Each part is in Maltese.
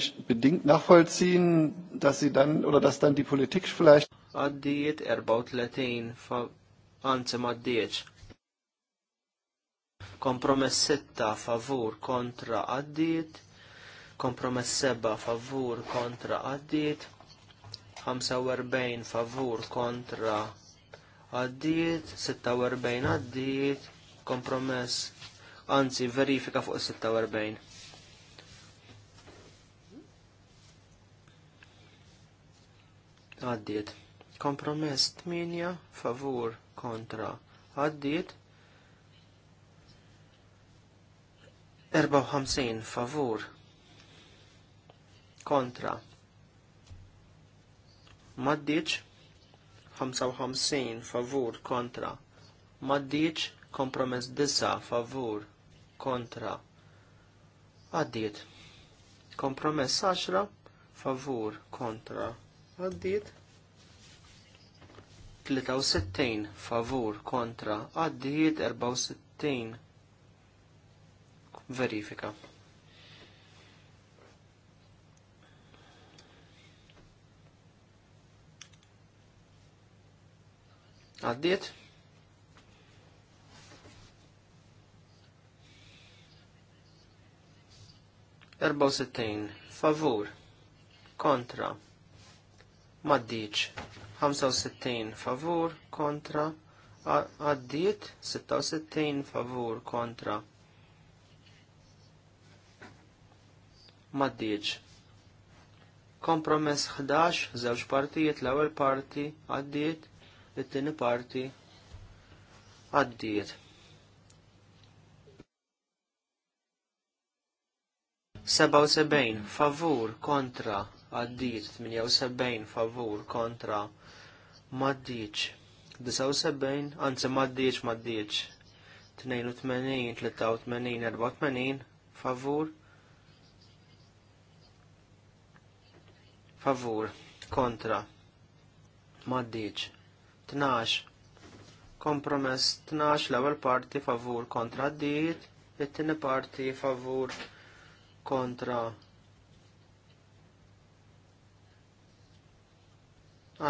nicht bedingt nachvollziehen, dass sie dann oder dass dann die Politik vielleicht. Addiet erbaut letin fa anzi maddiet. Kompromess 6 favur kontra addiet. Kompromess 7 favur kontra addiet. Hamsa 45 favur kontra addiet. għaddiet. 46 addiet. Kompromess anzi verifika fuq 46. għaddiet. Kompromess 8 favur kontra għaddiet. 54 favur kontra maddiċ 55 favur kontra maddiċ kompromess 9 favur kontra għaddiet kompromess 10 favur kontra għaddiet 63 favur kontra għaddiet 64 verifika. Għaddiet? Erbaw favur, kontra, maddiċ. 65 favur kontra għaddiet 66 favur kontra maddiċ. Kompromess 11, żewġ partijiet, l-ewwel parti għaddiet, it-tieni parti għaddiet. sebejn, favur kontra għaddiet, 78 favur kontra għaddiet maddiċ. 79, għanzi maddiċ maddiċ. 82, 83, 84, favur. Favur, kontra. Maddiċ. 12. Kompromess 12 l-ewwel parti favur kontra d-diet, Ittini tieni parti favur kontra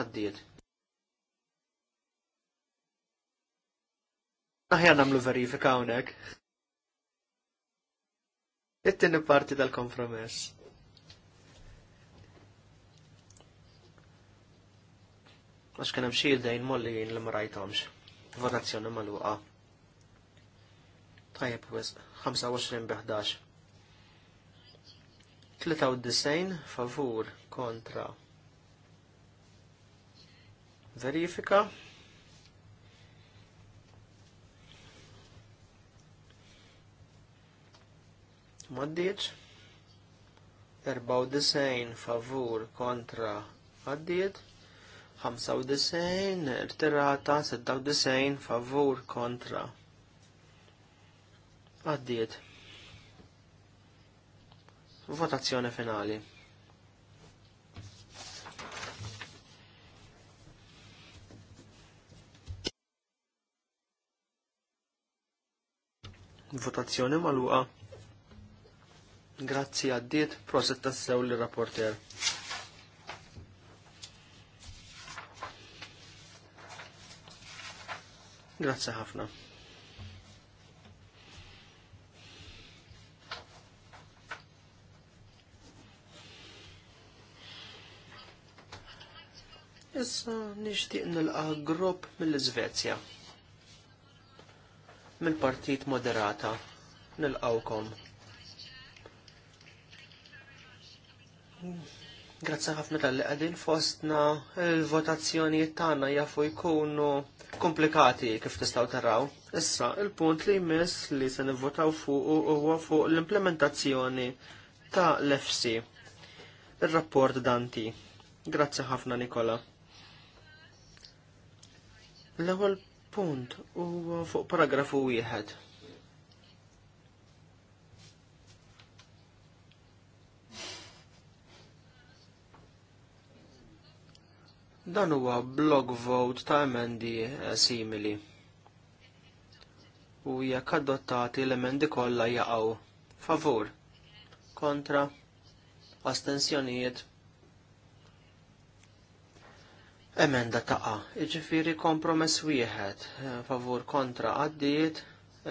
għaddiet. Aħjar namlu verifika hawnhekk. It-tieni parti tal-kompromess. Għax kien hemm xi ildejn molli jien li ma rajthomx. Votazzjoni magħluqa. Tajjeb wisq 25 bi 11. 93 favur kontra verifika maddiċ, 94 favur kontra għaddiet, 95 irtirata, 96 favur kontra għaddiet. Votazzjoni finali. votazzjoni maluqa Grazzi għaddiet, prosetta tassew l-rapporter. Grazzi ħafna. Issa nixtieq nilqa grupp mill-Iżvezja. Mill-Partit Moderata. Nilqawkom. Grazzi ħafna tal-li għadin fostna il-votazzjonijiet tagħna jafu jkunu komplikati kif tistgħu taraw. Issa, il-punt li jmiss li se nivvotaw fuq huwa fuq l-implementazzjoni ta' l-FC. Il-rapport Danti. Grazzi ħafna Nikola. L-ewwel punt huwa fuq paragrafu wieħed Dan huwa blog vote ta' emendi eh, simili. U jekk adottati l-emendi kollha jaqgħu favur, kontra, astensjonijiet. Emenda taqa, iġifiri kompromess wieħed, eh, favur kontra għaddiet,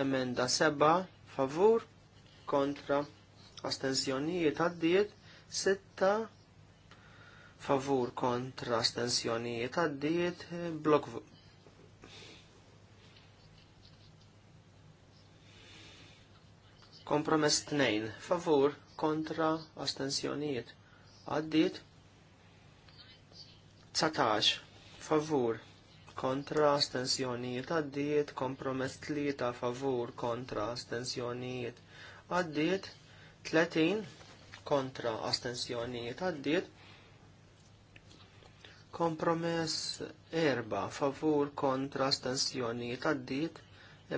emenda seba, favur kontra astensjonijiet għaddiet, sitta favur kontra astensjonijiet għaddiet blok kompromess tnejn favur kontra astensjonijiet għaddit 19 favur kontra astensjonijiet għaddit kompromess tlieta favur kontra astensjonijiet għaddit 30 kontra astensjonijiet għaddiet Kompromess erba favur kontra astensjonijiet dit,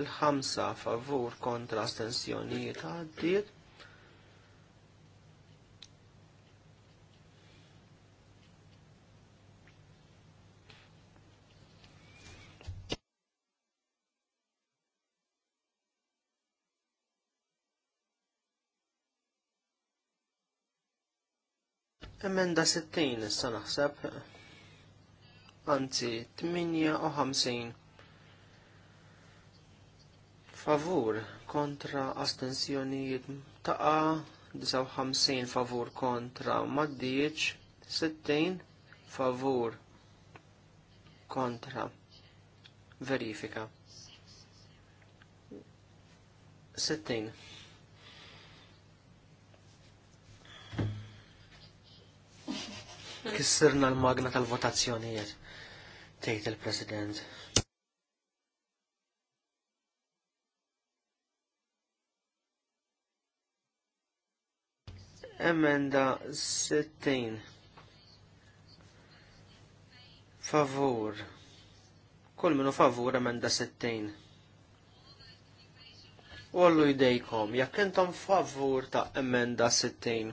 il-ħamsa favur kontra astensjonijiet dit, Emenda 60 issa naħseb anzi 58 favur kontra astensjonijiet taqa 59 favur kontra maddiċ 60 favur kontra verifika 60 kissirna l-magna tal-votazzjonijiet tejt il-President. Emenda 60 Favur Kull minu favur emenda 60 Wallu jdejkom, jak intom favur ta' emenda 60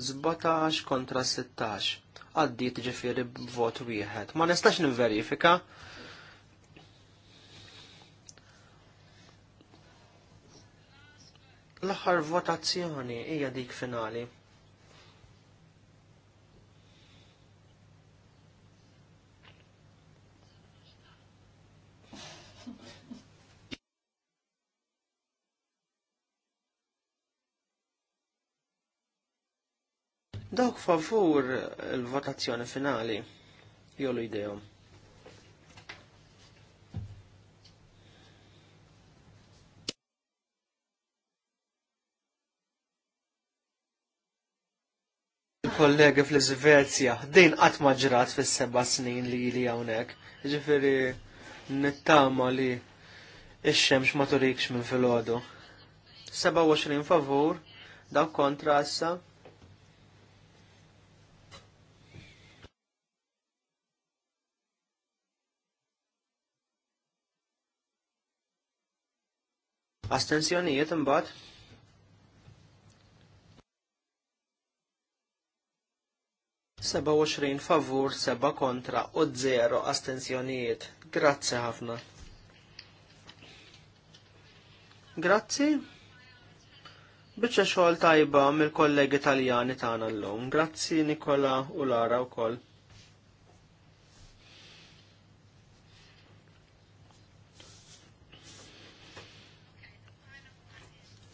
17 kontra 16. tġifiri b b'vot wieħed. Ma nistax niverifika. L-aħħar votazzjoni hija dik finali. Dawk favur il-votazzjoni finali jollu idejom. kollega fl-Svezja, din qatt ma ġrat fis-seba' snin li li hawnhekk. Ġifieri nittama li ix-xemx ma turikx minn filgħodu. 27 favur, daw kontra issa. Astenzjonijiet imbagħad. Seba' 27 favur, seba' kontra u zero astenzjonijiet. Grazzi ħafna. Grazzi. Biċċa xogħol tajba mill-kollegi Taljani tagħna llum. Grazzi Nikola u Lara wkoll.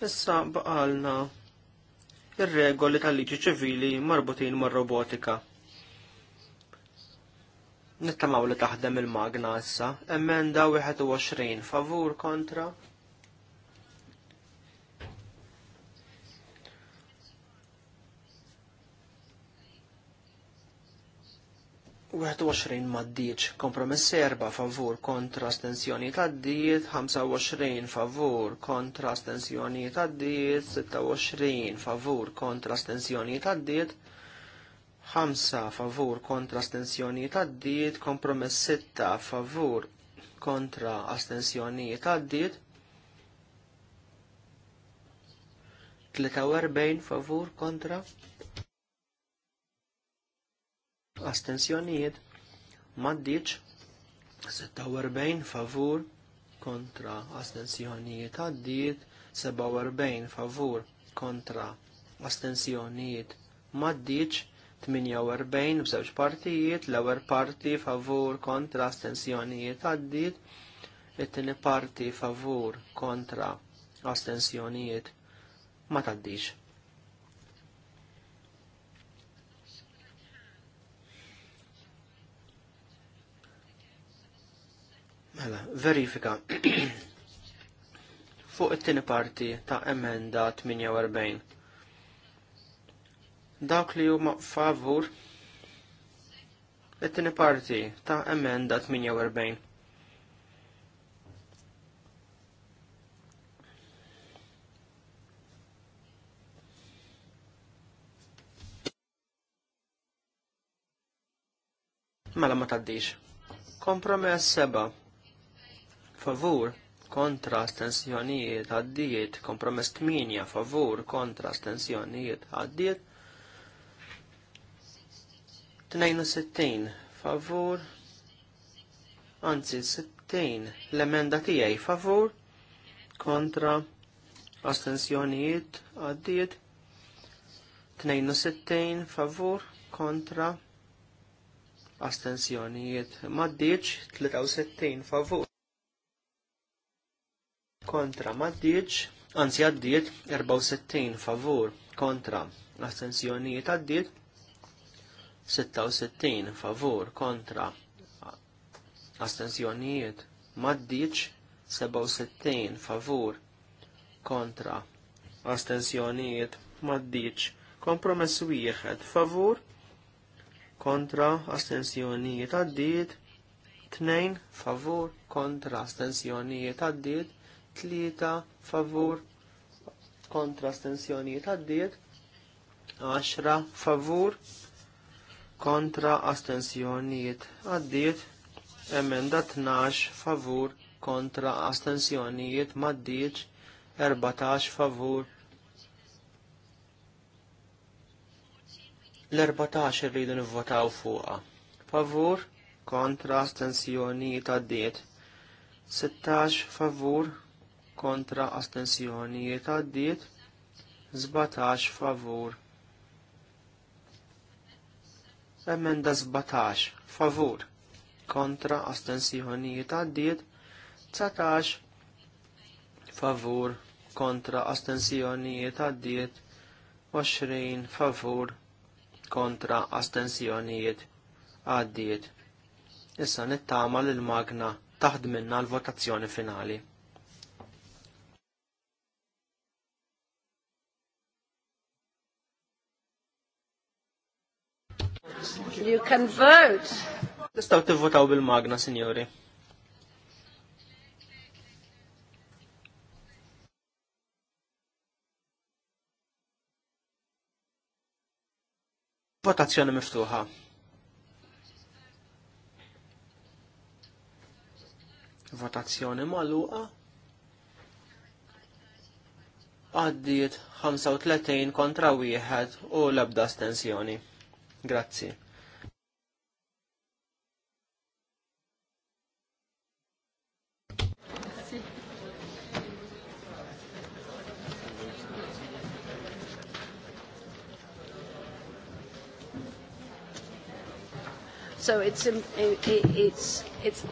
Issa baqalna ir-regoli tal-liġi ċivili marbutin mar-robotika. Nittamaw li taħdem il-magna issa, emenda 21 favur kontra 21 maddiċ, kompromess 4 favur kontra stenzjoni ta' diet 25 favur kontra stenzjoni tad-diet, 26 favur kontra stenzjoni tad-diet, 5 favur kontra stenzjoni tad-diet, kompromess 6 favur kontra astensjoni tad-diet, 43 favur kontra astensjonijiet maddiċ 46 favur kontra astensjonijiet għaddiet 47 favur kontra astensjonijiet maddiċ 48 b'żewġ partijiet, l-ewwel parti favur kontra astensjonijiet għaddiet, it-tieni parti favur kontra astensjonijiet ma taddix. Mela, verifika. Fuq it-tieni parti ta' emenda 48. Dawk li huma favur it-tieni parti ta' emenda 48. Mela ma taddix. Kompromess seba' favur kontra astensjonijiet għaddiet, kompromess 8 favur kontra astensjonijiet għaddiet, 62 favur, anzi 60 l-emenda tijaj favur kontra astensjonijiet għaddiet, 62 favur kontra astensjonijiet maddiċ 63 favur kontra maddiċ, anzi għaddiet 64 favur kontra astensjonijiet għaddiet 66 favur kontra astensjonijiet maddiċ 67 favur kontra astensjonijiet maddiċ kompromess wieħed favur kontra astensjonijiet għaddiet 2 favur kontra astensjonijiet għaddiet tlieta favur kontra astensjonijiet għaddiet, 10 favur kontra astensjonijiet għaddiet, emenda 12 favur kontra astensjonijiet maddiċ, 14 favur l-14 rridu nivvotaw fuqa. Favur kontra astensjonijiet għaddiet, 16 favur kontra astensjonijiet għaddiet 17 favur. Emenda 17 favur kontra astensjonijiet għaddiet 19 favur kontra astensjonijiet għaddiet 20 favur kontra astensjonijiet għaddiet. Issa nittama l-magna taħdminna l-votazzjoni finali. You can vote. Tistaw tivvotaw bil-magna, signori. Votazzjoni miftuħa. Votazzjoni magħluqa. Għaddiet 35 kontra wieħed u l-ebda stensjoni. Grazie. So it's, it's, it's, it's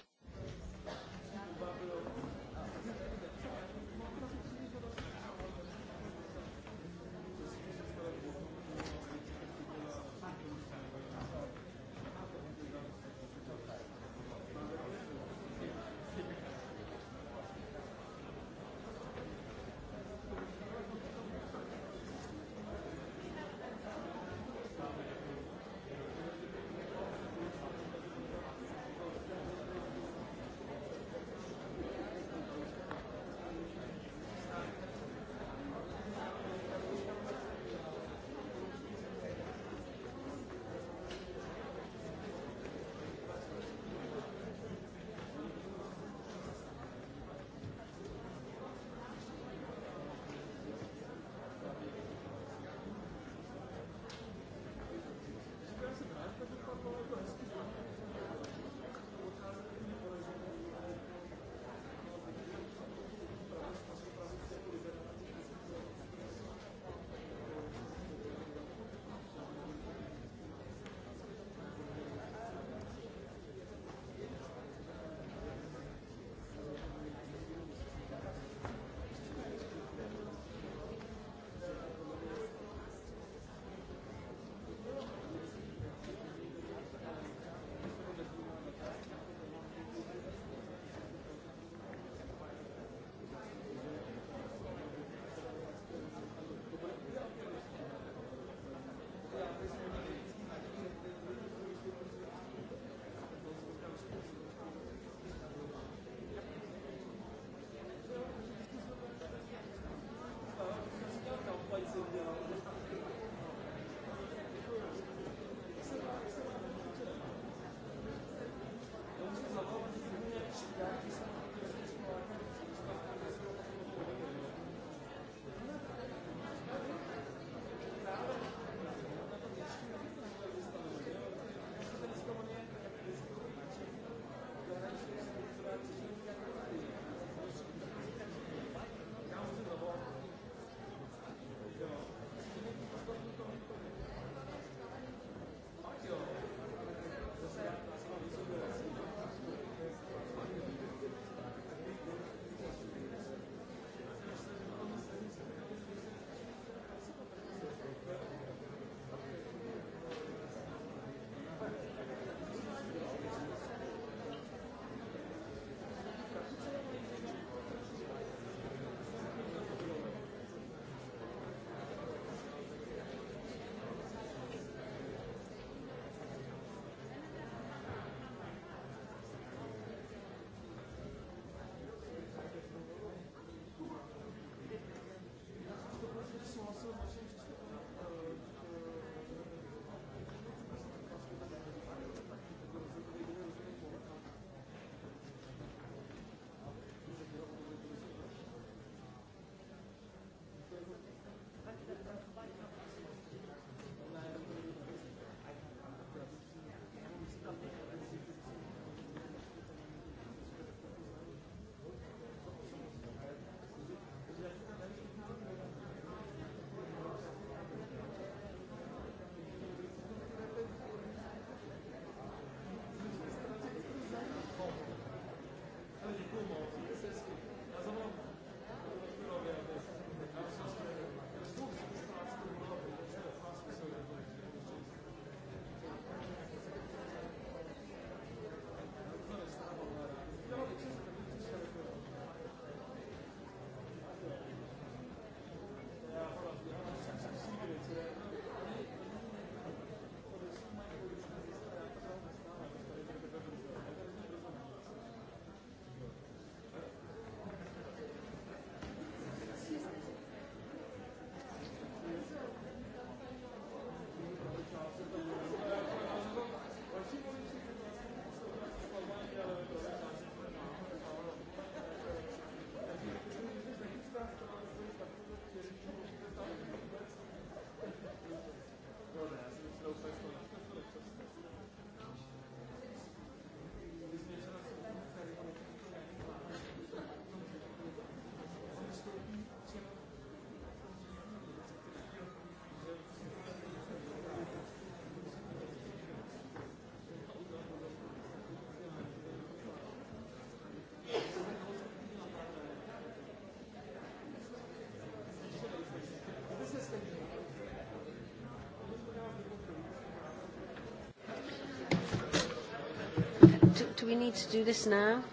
we need to do this now?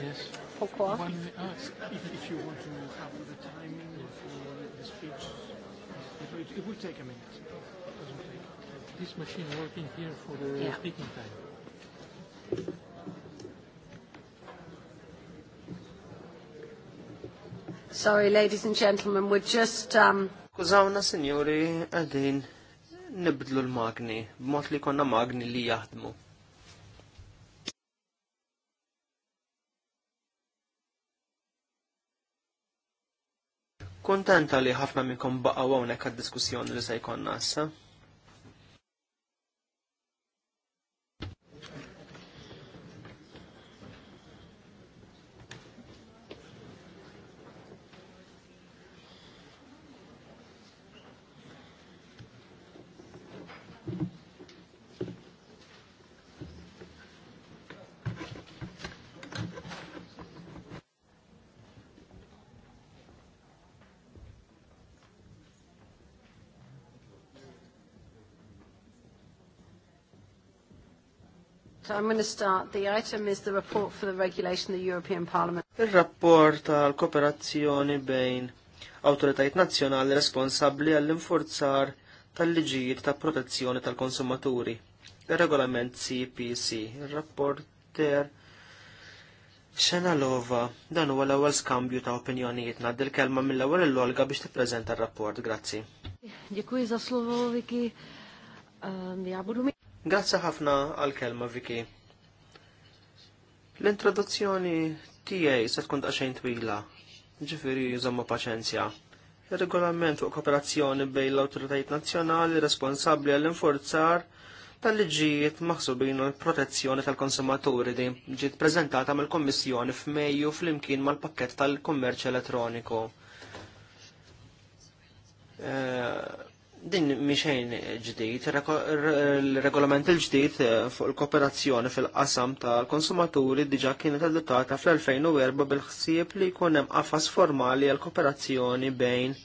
Yes. Pourquoi? One, uh, if, if you want to have the timing for the speech, it, it will take a minute. It doesn't take. This machine working here for the yeah. speaking time. Sorry, ladies and gentlemen, we're just... Um... Kuzawna, signori, għadin nibdlu l-magni, b'mod li konna magni li jahdmu. kontenta li ħafna minnkom baqgħu hawnhekk għad-diskussjoni li se jkollna issa. So I'm going to start. The item is the report for the regulation of the European Parliament. Il-rapport tal-kooperazzjoni bejn autoritajiet nazzjonali responsabbli għall-infurzar tal-liġijiet ta' protezzjoni tal-konsumaturi. Il-regolament CPC, il-rapporter Xenalova, dan huwa l-ewwel skambju ta' opinjonijiet ngħaddi l-kelma mill-ewwel l-olga biex tippreżenta r-rapport, grazzi. Dziękuję za słowo, Wiki. Grazzi ħafna għal-kelma, Viki. L-introduzzjoni tiegħi se tkun daqsxejn twila, ġifieri jużomma paċenzja. Ir-regolament fuq kooperazzjoni bejn l-awtoritajiet nazzjonali responsabbli għall-infurzar tal-liġijiet maħsubin u protezzjoni tal-konsumaturi di ġiet prezentata mill-Kommissjoni f'Mejju flimkien mal-pakket tal-kummerċ elettroniku. Eh, Din miexejn ġdijt, il-regolament il-ġdijt eh, fuq il-kooperazzjoni fil-qasam tal-konsumaturi diġa kienet adottata fl-2004 bil-ħsieb li jkun hemm qafas formali għal kooperazzjoni bejn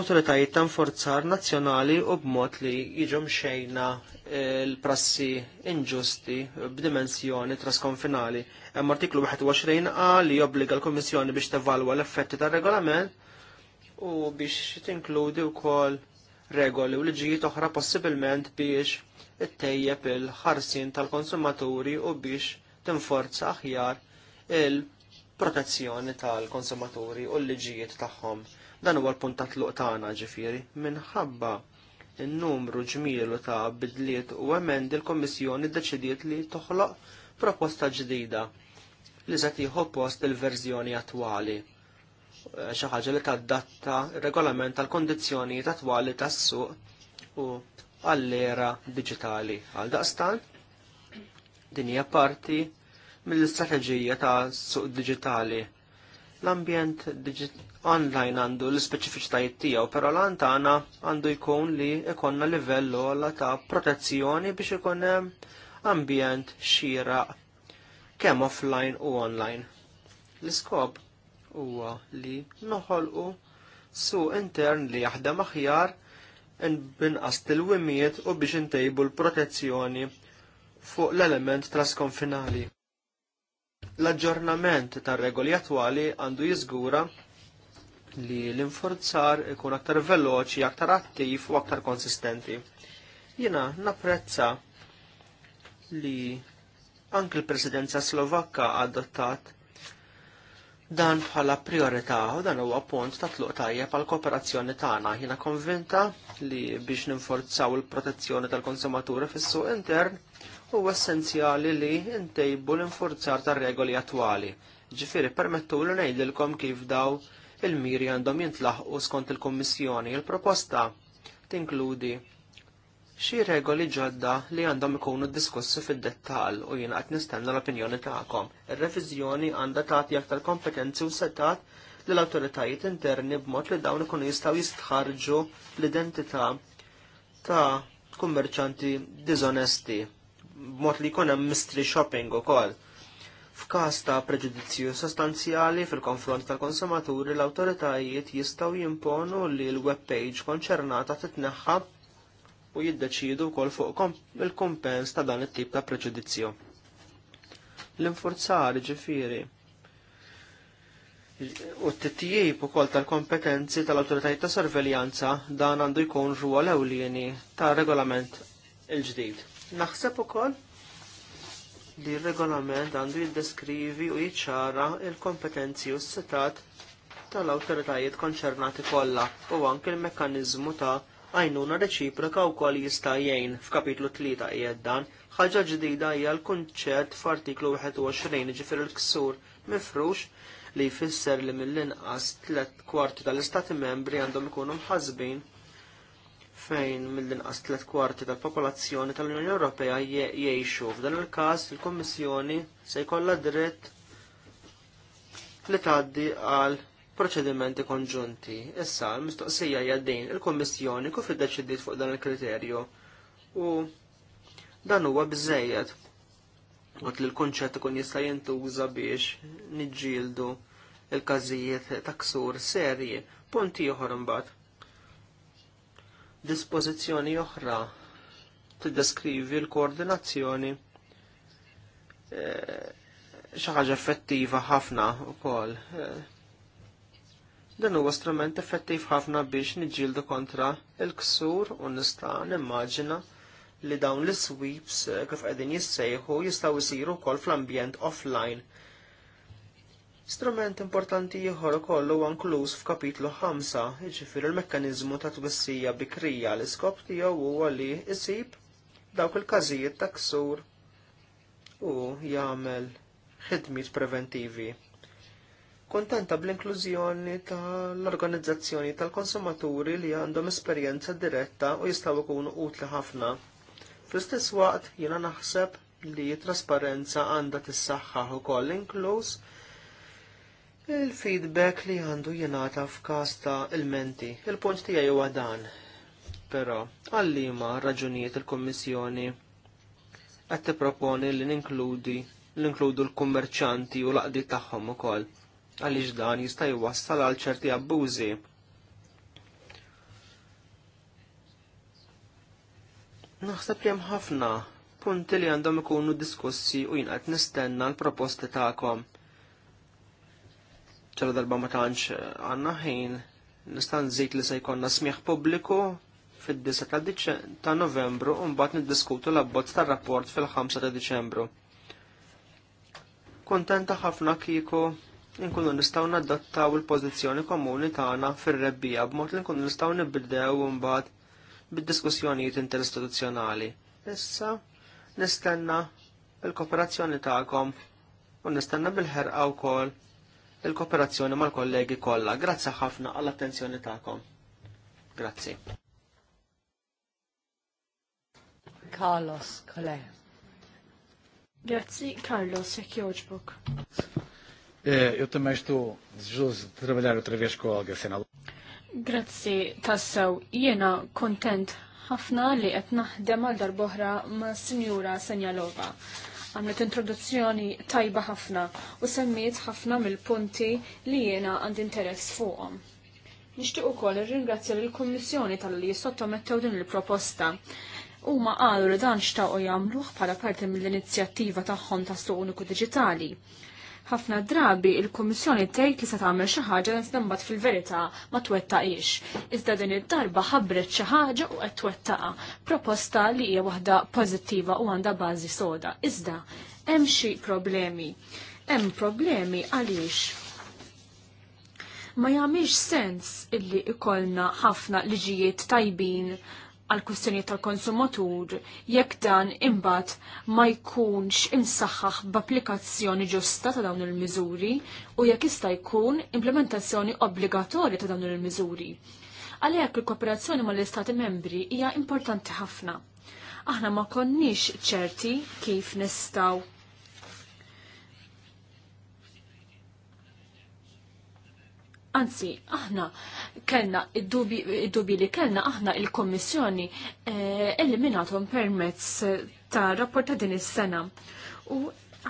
awtoritajiet ta' nforzar nazzjonali u b'mod li jiġu xejna eh, l-prassi inġusti b'dimensjoni trasconfinali. Hemm artiklu 21 a li jobbliga l-Kummissjoni biex tevalwa l-effetti tar-regolament u biex tinkludi wkoll regoli u liġijiet oħra possibilment biex it-tejjeb il-ħarsin tal-konsumaturi u biex tinforza aħjar il-protezzjoni tal-konsumaturi u l-liġijiet tagħhom. Dan huwa l-punt ta' tluq tagħna ġifieri minħabba n numru ġmielu ta' bidliet u emendi l-Kommissjoni ddeċidiet li toħloq proposta ġdida li se tieħu post il-verżjoni attwali xi ħaġa li tadatta regolament tal-kondizzjoni twali tas-suq u għall-era diġitali. Għal daqstan, din hija parti mill-istrateġija ta' suq diġitali. L-ambjent online għandu l-speċifiċitajiet tiegħu, però l-antana għandu jkun li ikonna livell għalla ta' protezzjoni biex ikun hemm ambjent xieraq kemm offline u online. L-iskop huwa li noħolqu su intern li jaħdem aħjar binqas il wimiet u biex intejbu l-protezzjoni fuq l-element trasconfinali. L-aġġornament tar regoli attwali għandu jiżgura li l-inforzar ikun aktar veloċi, aktar attiv u aktar konsistenti. Jiena napprezza li anke l-presidenza slovakka adottat dan bħala priorità u dan huwa punt ta' tluq tajjeb għal kooperazzjoni tagħna. Jiena konvinta li biex ninforzaw il-protezzjoni tal-konsumaturi fis-suq intern huwa essenzjali li ntejbu l-infurzar tar-regoli attwali. Ġifieri permettu li ngħidilkom kif daw il-miri għandhom jintlaħqu skont il-Kummissjoni. Il-proposta tinkludi xi regoli ġodda li għandhom ikunu diskussi fid-dettall u jien qed nistenna l-opinjoni tagħkom. Ir-reviżjoni għandha tagħti aktar kompetenzi u setat lill awtoritajiet interni b'mod li dawn ikunu jistgħu jistħarġu l-identità ta' kummerċanti diżonesti b'mod li jkun hemm mystery shopping ukoll. F'każ ta' preġudizzju sostanzjali fil-konfront tal-konsumaturi l-awtoritajiet jistgħu jimponu li l-webpage konċernata titneħħab u jiddeċidu kol fuq il-kumpens ta' dan it-tip ta' preġudizzju. L-infurzar ġifieri u t-titjib ukoll tal-kompetenzi tal-awtoritajiet ta' sorveljanza dan għandu jkun l ewlieni tar regolament il-ġdid. Naħseb ukoll li r-regolament għandu jiddeskrivi u jiċċara il-kompetenzi u s-setat tal-awtoritajiet konċernati kollha u anke l-mekkaniżmu ta' għajnuna reċiproka u kol jista' jgħin f'kapitlu 3 qiegħed dan, ħaġa ġdida hija l-kunċett f'artiklu 21 ġifir il-ksur mifrux li jfisser li mill-inqas tlet kwarti tal-istati membri għandhom ikunu mħazbin fejn mill-inqas tlet kwarti tal-popolazzjoni tal-Unjoni Ewropea jgħixu. F'dan il-każ il-Kommissjoni se jkollha dritt li tgħaddi għal proċedimenti konġunti. Issa, l-mistoqsija jaddin il-Kommissjoni kif iddeċidiet fuq dan il-kriterju u dan huwa biżejjed. Għat li l-konċett ikun jista' jintuża biex niġġieldu il-każijiet ta' ksur serji, punti oħra mbagħad. Dispożizzjoni oħra tiddeskrivi l-koordinazzjoni eh, xi ħaġa effettiva ħafna wkoll. E, Dan huwa strument effettiv ħafna biex niġġieldu kontra il-ksur u nista' nimmaġina li dawn l-sweeps eh, kif qegħdin jissejħu jistgħu jsiru wkoll fl-ambjent offline. Strument importanti ieħor ukoll huwa inkluż f'kapitlu 5, jiġifieri l-mekkaniżmu ta' twissija bikrija l-iskop tiegħu huwa li jsib dawk il-każijiet ta' ksur u jagħmel ħidmiet preventivi kontenta bl-inklużjoni tal-organizzazzjoni tal-konsumaturi li għandhom esperjenza diretta u jistgħu jkunu utli ħafna. Fl-istess waqt jiena naħseb li trasparenza għandha tissaħħa ukoll inkluż il-feedback li għandu jingħata f'każ ta' ilmenti. Il-punt tiegħi huwa dan. Però għallima raġunijiet il-Kummissjoni qed tipproponi li ninkludi l-inkludu l-kummerċanti u l-aqdi tagħhom ukoll għaliex dan jista' jwassal għal ċerti abbużi. Naħseb li hemm ħafna punti li għandhom ikunu diskussi u jinqed nistenna l-proposti tagħkom. ċara darba ma tantx eh, għandna ħin nista' nżid li se jkollna smieħ pubbliku fid 10 ta' ta' Novembru u mbagħad niddiskutu l-abbozz tar-rapport fil-5 ta' Diċembru. Kuntenta ħafna kieku nkunu nistgħu naddattaw il-pożizzjoni komuni tagħna fir-rebbija b'mod li nkunu nistgħu nibdew imbagħad bid-diskussjonijiet interistituzzjonali. Issa nistenna il-kooperazzjoni tagħkom u nistenna bil-ħerqa wkoll il-kooperazzjoni mal-kollegi kollha. Grazzi ħafna għall-attenzjoni tagħkom. Grazzi. Carlos Kole. Grazzi Carlos, jekk joġbok. Eu também estou desejoso de trabalhar outra vez com a Olga Grazzi tassaw, jiena kontent ħafna li qed naħdem għal darboħra ma' Sinjura Senjalova. Għamlet introduzzjoni tajba ħafna u semmiet ħafna mill-punti li jiena għand interess fuqhom. Nixtieq ukoll irringrazzja lill kummissjoni tal-li sottomettew din il-proposta. Huma qalu li dan xtaqgħu jagħmluh bħala parti mill-inizjattiva tagħhom ta' suq uniku diġitali ħafna drabi il-Kummissjoni tgħid li se tagħmel xi ħaġa li mbagħad fil-verità ma twettaqix. Iżda din id-darba ħabbret xi ħaġa u qed twettaqa. Proposta li hija waħda pożittiva u għandha bażi soda. Iżda hemm xi problemi. Hemm problemi għaliex ma jagħmilx sens illi ikollna ħafna liġijiet tajbin għal kustjoni tal-konsumatur jekk dan imbagħad ma jkunx imsaħħaħ b'applikazzjoni ġusta ta' dawn il-miżuri u jekk jista' jkun implementazzjoni obbligatorja ta' dawn il-miżuri. Għalhekk il-kooperazzjoni mal-Istati membri hija importanti ħafna. Aħna ma konniex ċerti kif nistgħu Anzi, aħna kellna id-dubi li kellna aħna il-Kommissjoni eh, eliminatom permezz eh, ta' rapport ta' din is-sena. U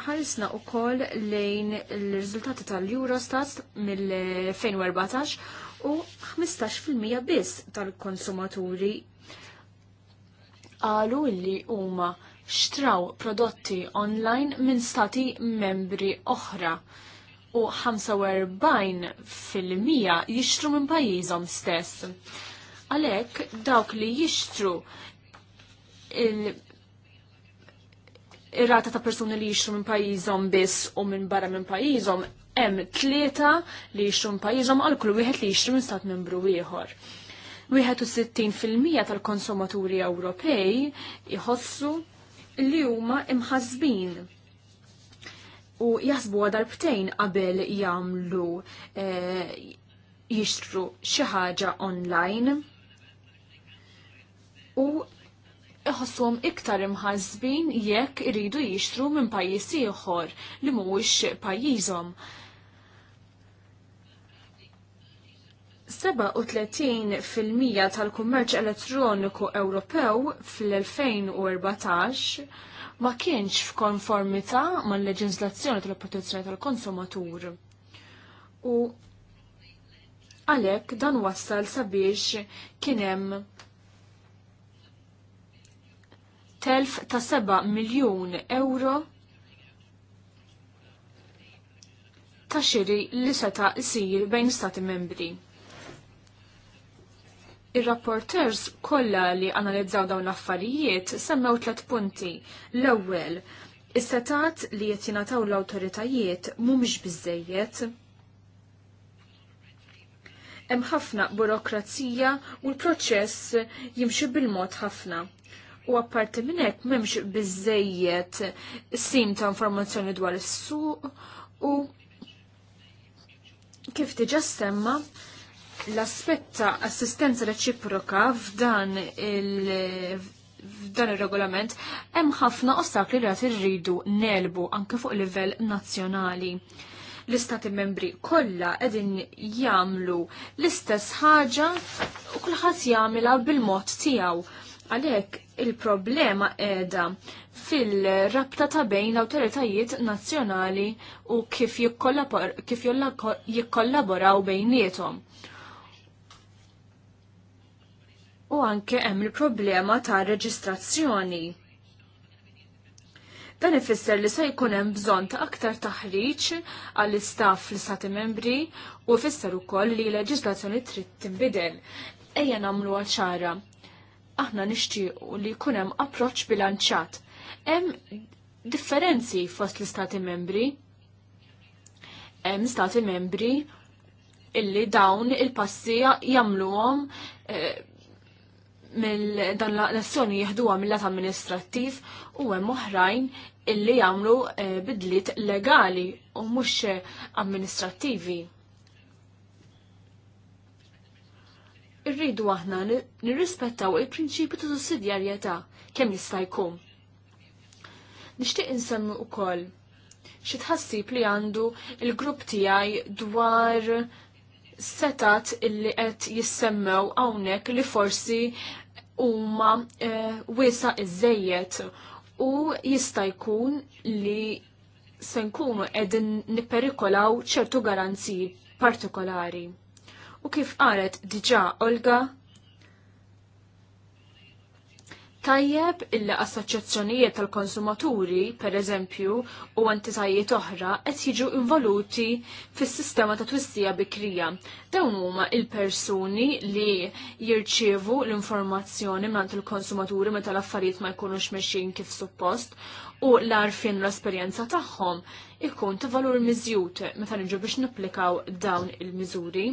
ħarisna u koll lejn l-riżultati tal-Eurostat mill-2014 u 15% biss tal-konsumaturi qalu li huma xtraw prodotti online minn stati membri oħra u 45% fil-mija jixtru minn pajjiżhom stess. Għalhekk dawk li jixtru ir-rata ta' persuni li jixtru minn pajjiżhom biss u minn barra minn pajjiżhom hemm tlieta li jixtru minn pajjiżhom għal kull wieħed li jixtru minn stat membru ieħor. 61% tal-konsumaturi Ewropej jħossu li huma imħazbin u jasbu darbtejn qabel jagħmlu e, jixtru xi ħaġa online u iħossum iktar imħazbin jekk iridu jixtru minn pajjiż ieħor li mhuwiex pajjiżhom. 37% tal-kummerċ elettroniku Ewropew fl-2014 ma kienx f'konformità mal-leġiżlazzjoni tal-protezzjoni tal-konsumatur. U għalhekk dan wassal sabiex kien hemm telf ta' 7 miljun euro ta' xiri li seta' isir bejn stati membri. Ir-rapporters kollha li analizzaw dawn l-affarijiet semmew tliet punti. L-ewwel, is-setat li qed jingħataw l-awtoritajiet mhumiex biżejjed. Hemm ħafna burokrazija u l-proċess jimxi bil-mod ħafna. U apparti minn hekk m'hemmx biżejjed sim ta' informazzjoni dwar is-suq u kif tiġa semma' l-aspetta assistenza reċiproka f'dan il- f'dan ir-regolament hemm ħafna ostakli li qed irridu nelbu anke fuq livell nazzjonali. L-istati membri kollha qegħdin jagħmlu l-istess ħaġa u kulħadd jagħmilha bil-mod tiegħu. Għalhekk il-problema qiegħda fil-rabta ta' bejn l-awtoritajiet nazzjonali u kif jikkollaboraw bejniethom u anke hemm il-problema ta' reġistrazzjoni. Dan ifisser li se jkun hemm bżonn ta' aktar taħriġ għall istaff li stati membri u ifisser ukoll li l-leġislazzjoni trid tinbidel. Ejja nagħmlu ċara. Aħna nixtiequ li jkun hemm approċċ bilanċat. Hemm differenzi fost l-istati membri. Hemm stati membri illi dawn il passija jagħmluhom eh, dan l-azzjoni jihduwa mill-lat amministrattiv u hemm oħrajn illi jagħmlu eh, bidliet legali u mhux eh, amministrattivi. Irridu aħna nirrispettaw il-prinċipju ta' sussidjarjetà kemm jista' jkun. Nixtieq insemmi wkoll xi tħassib li għandu il-grupp tiegħi dwar setat illi qed jissemmew hawnhekk li forsi huma eh, wiesa iżejjed u jista' jkun li se nkunu qegħdin nipperikolaw ċertu garanziji partikolari. U kif qalet diġà Olga, Tajjeb illi assoċjazzjonijiet tal-konsumaturi, per eżempju, u entitajiet oħra qed jiġu involuti fis-sistema ta' twissija bikrija. Dawn huma il-persuni li jirċievu l-informazzjoni mingħand il-konsumaturi meta l-affarijiet ma jkunux mexin kif suppost u l-arfin l-esperjenza tagħhom ikun ta' valur miżjut meta niġu biex nipplikaw dawn il-miżuri.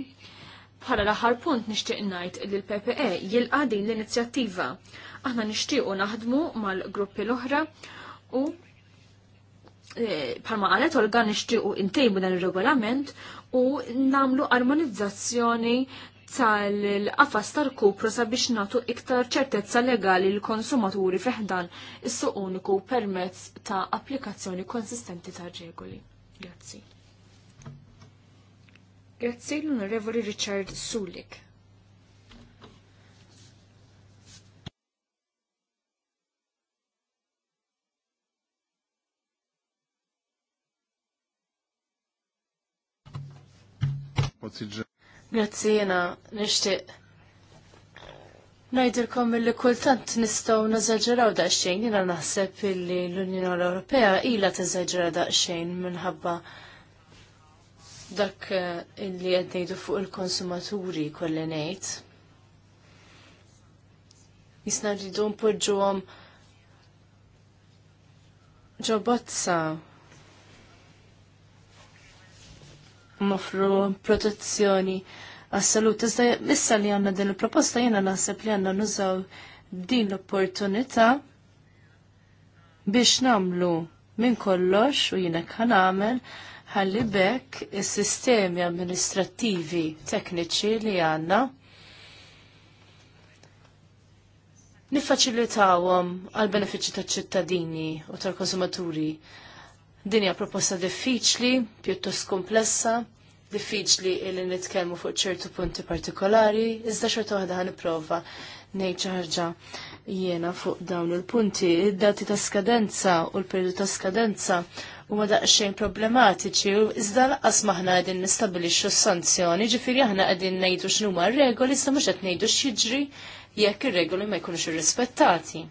Bħala l-aħħar punt nixtieq ngħid li l-PPE jilqa' din l-inizjattiva Aħna nixtiequ naħdmu mal-gruppi l-oħra u bħalma e, qalet Olga nixtiequ intejmu dan ir-regolament u namlu armonizzazzjoni tal-qafas tal-kupru sabiex natu iktar ċertezza legali l-konsumaturi feħdan is-suq uniku permezz ta' applikazzjoni konsistenti ta' regoli. Grazzi. Grazzi l-Onorevoli Richard Sulik. Pazziġ. Grazzi jena, nishtiq. Najdilkom illi kultant nistaw nażagġeraw daqxejn, jena naħseb illi l-Unjoni Ewropea ila teżagġera daqxejn minħabba dak eh, illi qed ngħidu fuq il-konsumaturi kolli ngħid. Jisna rridu npoġġuhom ġobozza nofru protezzjoni għas-salut. Iżda issa li għanna din il-proposta jena naħseb li għanna nużaw din l-opportunità biex namlu minn kollox u jinek ħanamel ħalli bekk is-sistemi amministrattivi tekniċi li għanna nifacilitawom għal benefiċi taċ-ċittadini u tal-konsumaturi. Dinja proposta diffiċli, pjuttost komplessa, diffiċli illi nitkellmu fuq ċertu punti partikolari, iżda xorta waħda ħan nipprova ngħid xi ħaġa jiena fuq dawn il-punti. Id-dati ta' skadenza u l-periodu ta' skadenza huma daqsxejn problematiċi u iżda laqqas maħna qegħdin nistabilixxu s-sanzjoni, ġifiri aħna qegħdin ngħidu x'numa r-regoli iżda mhux qed ngħidu x'jiġri jekk ir-regoli ma jkunux irrispettati.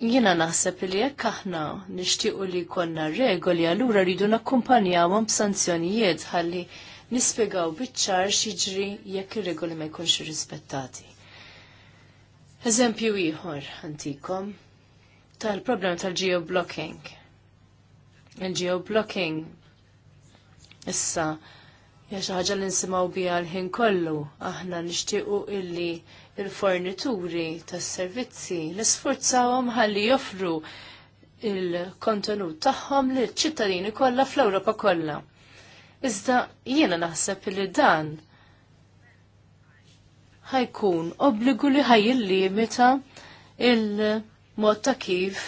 Jiena naħseb li jekk aħna nixtiequ li jkollna regoli allura rridu nakkumpanjawhom b'sanzjonijiet ħalli nispjegaw biċ-ċar x'jiġri jekk ir-regoli ma jkunx irrispettati. Eżempju ieħor antikom tal problema tal-geoblocking. Il-geoblocking issa hija xi ħaġa li nsimgħu biha l-ħin kollu aħna nixtiequ illi il-fornituri tas-servizzi nisforzawhom ħalli joffru il-kontenut tagħhom liċ ċittadini kollha fl-Ewropa kollha. Iżda jiena naħseb li dan ħajkun obbligu li ħajillimita il-mod ta' kif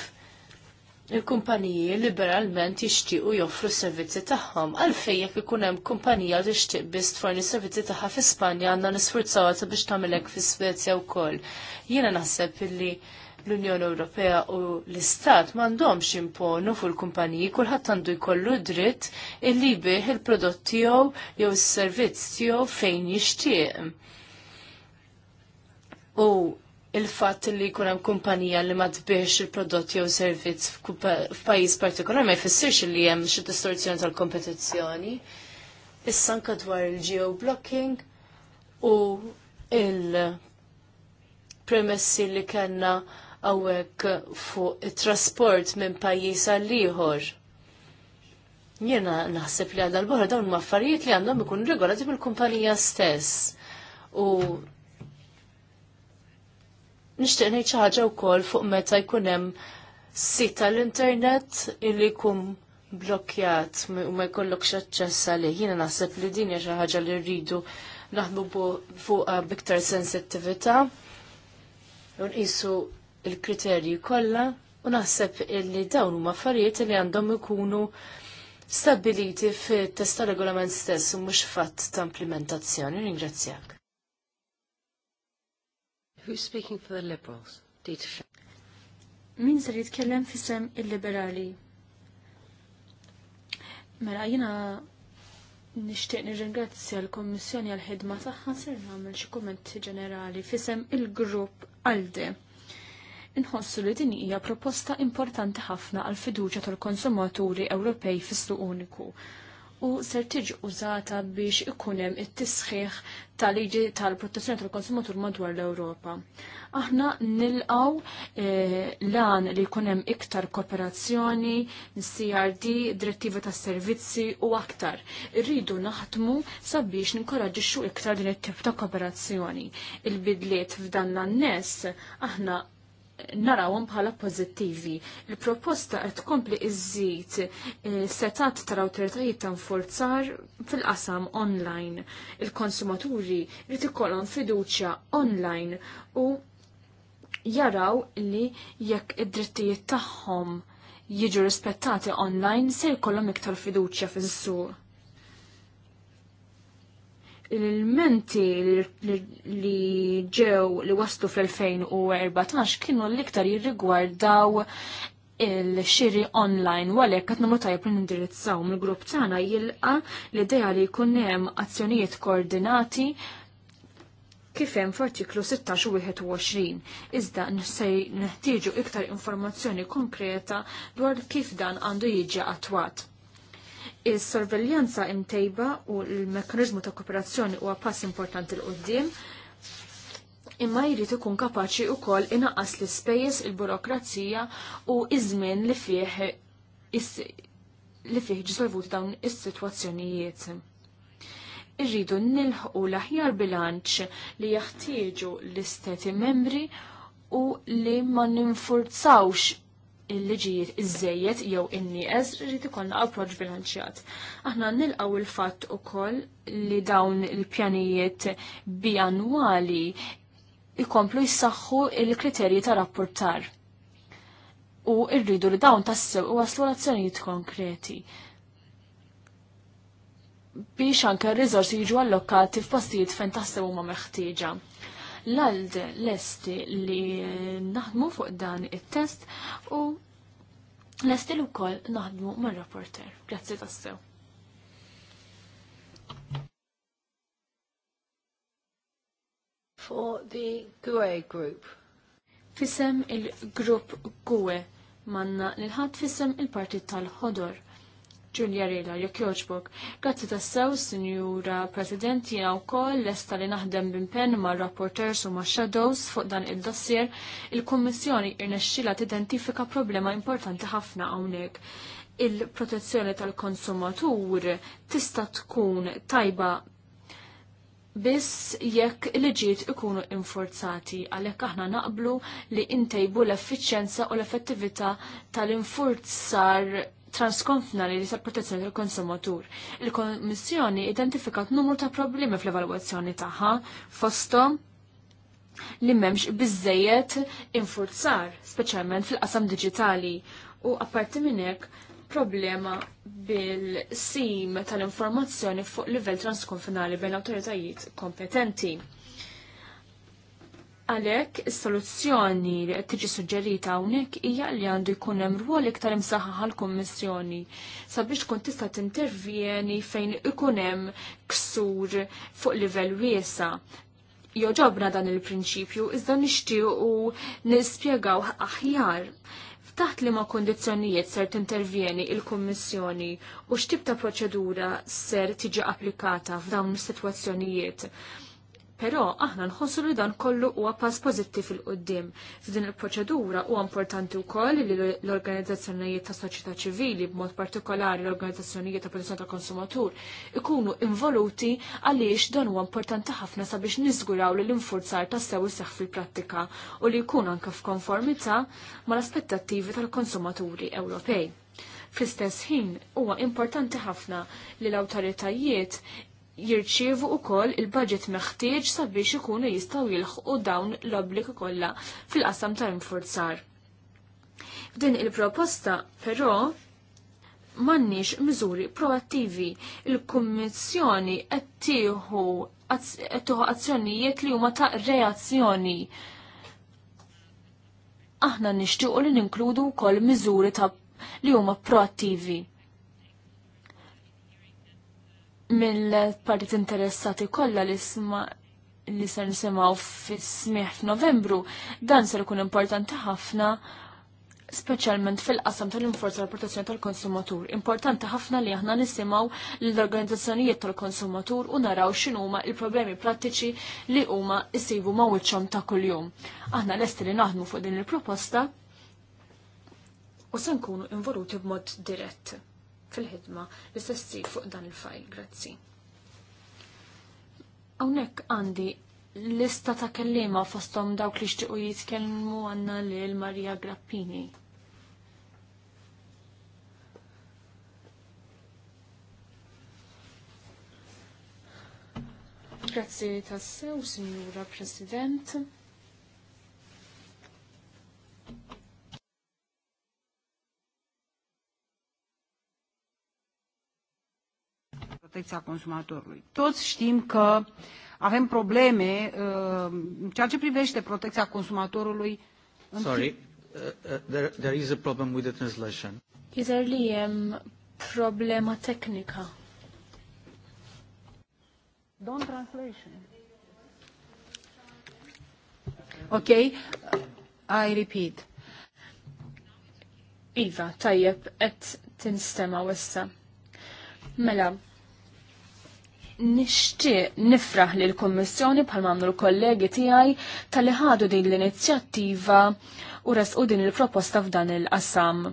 il-kumpaniji liberalment jixtiequ joffru s-servizzi tagħhom. Għalfejn jekk ikun hemm kumpanija li tixtieq biss tforni s-servizzi tagħha fi Spanja għandna nisfurzawha biex tagħmilek fis Svezja wkoll. Jiena naħseb illi l-Unjoni Ewropea u l-Istat m'għandhomx imponu fuq il-kumpaniji kulħadd għandu jkollu dritt illi jbih il-prodott tiegħu jew is-servizz tiegħu fejn jixtieq. U il-fatt li jkun hemm kumpanija li ma tbiex il-prodott jew servizz f'pajjiż partikolari ma jfissirx li hemm xi distorzjoni tal-kompetizzjoni. Issa anke dwar il-geo blocking u il-premessi li kellna hawnhekk fuq it-trasport minn pajjiż għal ieħor. Jiena naħseb li għadha l-boħra dawn affarijiet li għandhom ikun regolati mill-kumpanija stess. U Nixtieq ngħid xi ħaġa wkoll fuq meta jkun hemm sit tal-internet illi jkun blokkjat u ma jkollokx aċċess għalih. Jiena naħseb li din hija xi ħaġa li rridu naħdmu fuq biktar sensittività u nqisu l kriterji kollha u naħseb illi dawn huma affarijiet li għandhom ikunu stabiliti fit-testa regolament stess u mhux fatt ta' implementazzjoni. Ringrazzjak. Who's speaking for the Liberals? Dita Min ser jitkellem fissem il-liberali? Mela jina nishtiq nirringrazzja l-Kommissjoni għal-ħidma tagħha ser nagħmel xi kummenti ġenerali fissem il-grupp Alde. Inħossu li din hija proposta importanti ħafna għal fiduċja tal-konsumaturi Ewropej fis-suq uniku u ser tiġi użata biex ikun hemm it-tisħiħ tal-liġi tal-protezzjoni tal-konsumatur madwar l-Ewropa. Aħna nilqaw eh, lan li jkun hemm iktar kooperazzjoni, CRD, direttiva tas servizzi u aktar. Irridu naħdmu sabiex ninkoraġixxu iktar din it-tip ta' kooperazzjoni. Il-bidliet f'dan l-annes aħna narawhom bħala pożittivi. Il-proposta qed tkompli iż-żid eh, setat tal-awtoritajiet ta' nforzar fil-qasam online. Il-konsumaturi jrid ikollhom fiduċja online u jaraw li jekk id-drittijiet tagħhom jiġu rispettati online se jkollhom iktar fiduċja fis-suq l-menti li ġew li waslu fl-2014 kienu l-iktar jirrigwardaw il-xiri online u għalhekk qed nagħmlu tajjeb li nindirizzaw mill-grupp tagħna jilqa l-idea li jkun hemm azzjonijiet koordinati kif hemm f'artiklu 16 u 21. Iżda nħtieġu iktar informazzjoni konkreta dwar kif dan għandu jiġi attwat Is-sorveljanza imtejba u l mekanizmu ta' kooperazzjoni huwa pass importanti l qoddim imma jrid ikun kapaċi wkoll inaqqas l-ispejjeż il-burokrazija u iż-żmien li fih li fih ġisolvuti dawn is-sitwazzjonijiet irridu nilħqu l-aħjar bilanċ li jaħtieġu l-istati membri u li ma ninfurzawx il-liġijiet iż-żejjed jew in-nieqes rrid ikollna approċ bilanċjat. Aħna nilqgħu l fatt ukoll li dawn il-pjanijiet bianwali ikomplu jissaħħu il-kriterji ta' rapportar. U rridu li dawn tassew u waslu azzjonijiet konkreti biex anke r-rizorsi jiġu allokati f'postijiet fejn tassew huma meħtieġa l l lesti li naħdmu fuq dan it-test u l-esti li wkoll naħdmu mar-rapporter. Grazzi tassew. For the GUE group. Fisem il-grupp GUE manna l-ħad fisem il-partit tal-ħodor Junior Ila, jek joġbok. Grazzi tassew, Sinjura President, jina u koll lesta li naħdem bimpen ma' rapporters u ma' shadows fuq dan il-dossier, il-Kommissjoni irnexxila t-identifika problema importanti ħafna għawnek. Il-protezzjoni tal-konsumatur tista' tkun tajba biss jekk liġiet ikunu infurzati għalhekk aħna naqblu li intejbu l-effiċjenza u l-effettività tal-infurzar transkonfinali li jisab protezzjoni tal-konsumatur. il komissjoni identifikat numru ta' problemi fl-evalwazzjoni tagħha fostom li memx bizzejiet infurzar, speċjalment fil-qasam digitali u apparti minn hekk problema bil-sim tal-informazzjoni fuq livell transkonfinali bejn awtoritajiet kompetenti. Għalhekk is-soluzzjoni li qed tiġi suġġerita hawnhekk hija li għandu jkun hemm rwol iktar imsaħħa għal kummissjoni sabiex tkun tista' tintervjeni fejn ikun hemm ksur fuq livell wiesa. Joġobna dan il-prinċipju iżda nixtiequ nispjegaw aħjar taħt li ma kondizjonijiet ser tintervjeni il-Kommissjoni u x'tib ta' proċedura ser tiġi applikata f'dawn is-sitwazzjonijiet Però aħna nħossu li dan kollu huwa pass pożittiv fil-qoddim. F'din il-proċedura huwa importanti wkoll li l-organizzazzjonijiet ta' soċjetà ċivili b'mod partikolari l-organizzazzjonijiet ta' protezzjoni tal-konsumatur ikunu involuti għaliex dan huwa importanti ħafna sabiex niżguraw li l-infurzar ta' sew seħ fil-prattika u li jkun anke f'konformità ma' l-aspettattivi tal-konsumaturi Ewropej. Fl-istess ħin huwa importanti ħafna li l-awtoritajiet jirċievu ukoll il-budget meħtieġ sabiex ikunu jistgħu jilħqu dawn l-obbligu kollha fil-qasam tal-infurzar. F'din il-proposta, però, m'għandniex miżuri proattivi. Il-Kummissjoni qed tieħu azzjonijiet li huma ta' reazzjoni. Aħna nixtiequ li ninkludu wkoll miżuri ta' li huma proattivi mill-partit interessati kollha li sma li ser nisimgħu fis-smieħ f'Novembru, dan ser ikun importanti ħafna speċjalment fil-qasam tal-inforza tal-protezzjoni tal-konsumatur. Importanti ħafna li aħna nisimgħu l-organizzazzjonijiet tal-konsumatur u naraw x'inhuma il-problemi prattiċi li huma jsibu ma' wiċċhom ta' kuljum. Aħna lesti li naħdmu fuq din il-proposta u se nkunu involuti b'mod dirett fil-ħidma li se fuq dan il-fajl. Grazzi. Hawnhekk għandi lista ta' kellima fostom dawk li xtiqu jitkellmu għandna lil Marija Grappini. Grazzi tassew, Signora President. protecția consumatorului. Toți știm că avem probleme uh, în ceea ce privește protecția consumatorului. Sorry, uh, uh, there, there is a problem with the translation. Is Jizar li jem problema teknika. Don't translation. Okay, I repeat. Iva, tajjeb, et tinstema wessa. Mela, Nixtieq nifraħ li l-Kommissjoni bħal mamnu l-kollegi tiegħi tal-li ħadu din l-inizjattiva u resqu din il-proposta f'dan il-qassam.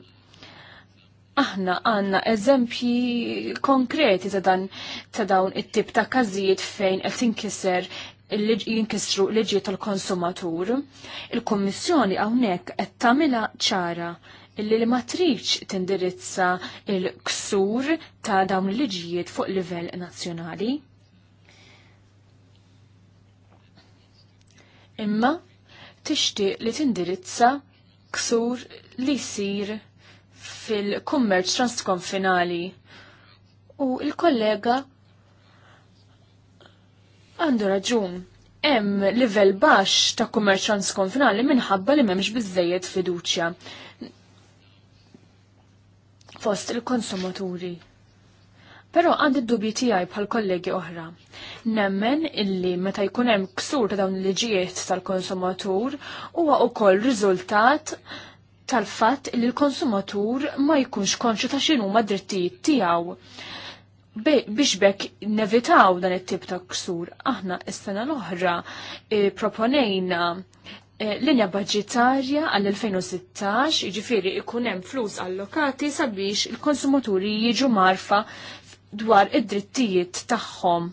Aħna għanna eżempji konkreti ta' dan ta' dawn it-tip ta' każijiet fejn qed inkisser jinkisru liġi tal-konsumatur. Il-Kommissjoni hawnhekk qed tagħmilha ċara illi li matriċ tindirizza il-ksur ta' dawn l-liġijiet fuq livell nazzjonali. Imma tixtieq li tindirizza ksur li jsir fil-kummerċ transkonfinali u il-kollega għandu raġun hemm livell baxx ta' kummerċ transkonfinali minħabba li m'hemmx biżejjed fiduċja fost il-konsumaturi. Pero għandi dubji tiegħi bħal kollegi oħra. Nemmen illi meta jkun hemm ksur ta' dawn il-liġijiet tal-konsumatur huwa wkoll riżultat tal-fatt li l-konsumatur ma jkunx konxu ta' xinu ma' drittijiet tiegħu. Biex bekk nevitaw dan it-tip ta' ksur, aħna is-sena l-oħra eh, proponejna Eh, linja budgetarja għall-2016, iġifiri ikunem hemm flus allokati sabiex il-konsumaturi jiġu marfa dwar id-drittijiet tagħhom.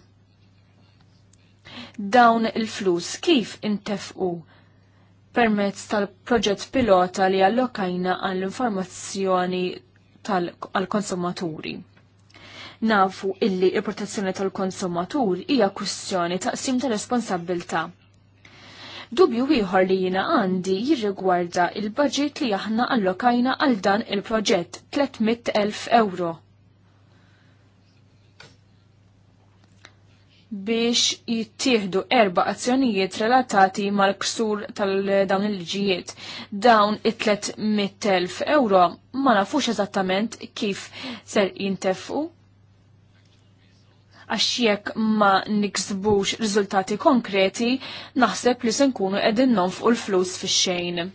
Dawn il-flus kif intefqu permezz tal-proġett pilota li allokajna għall-informazzjoni tal-konsumaturi. Nafu illi il-protezzjoni tal-konsumatur hija kwistjoni taqsim ta' responsabilta' Dubju ieħor li jiena għandi jirrigwarda il-budget li aħna allokajna għal dan il-proġett 300,000 euro. biex jittieħdu erba azzjonijiet relatati mal-ksur tal-dawn il-liġijiet. Dawn it-300.000 euro ma nafux eżattament kif ser jintefqu għax jekk ma niksbux riżultati konkreti, naħseb li se nkunu qegħdin nonfqu l-flus fix-xejn.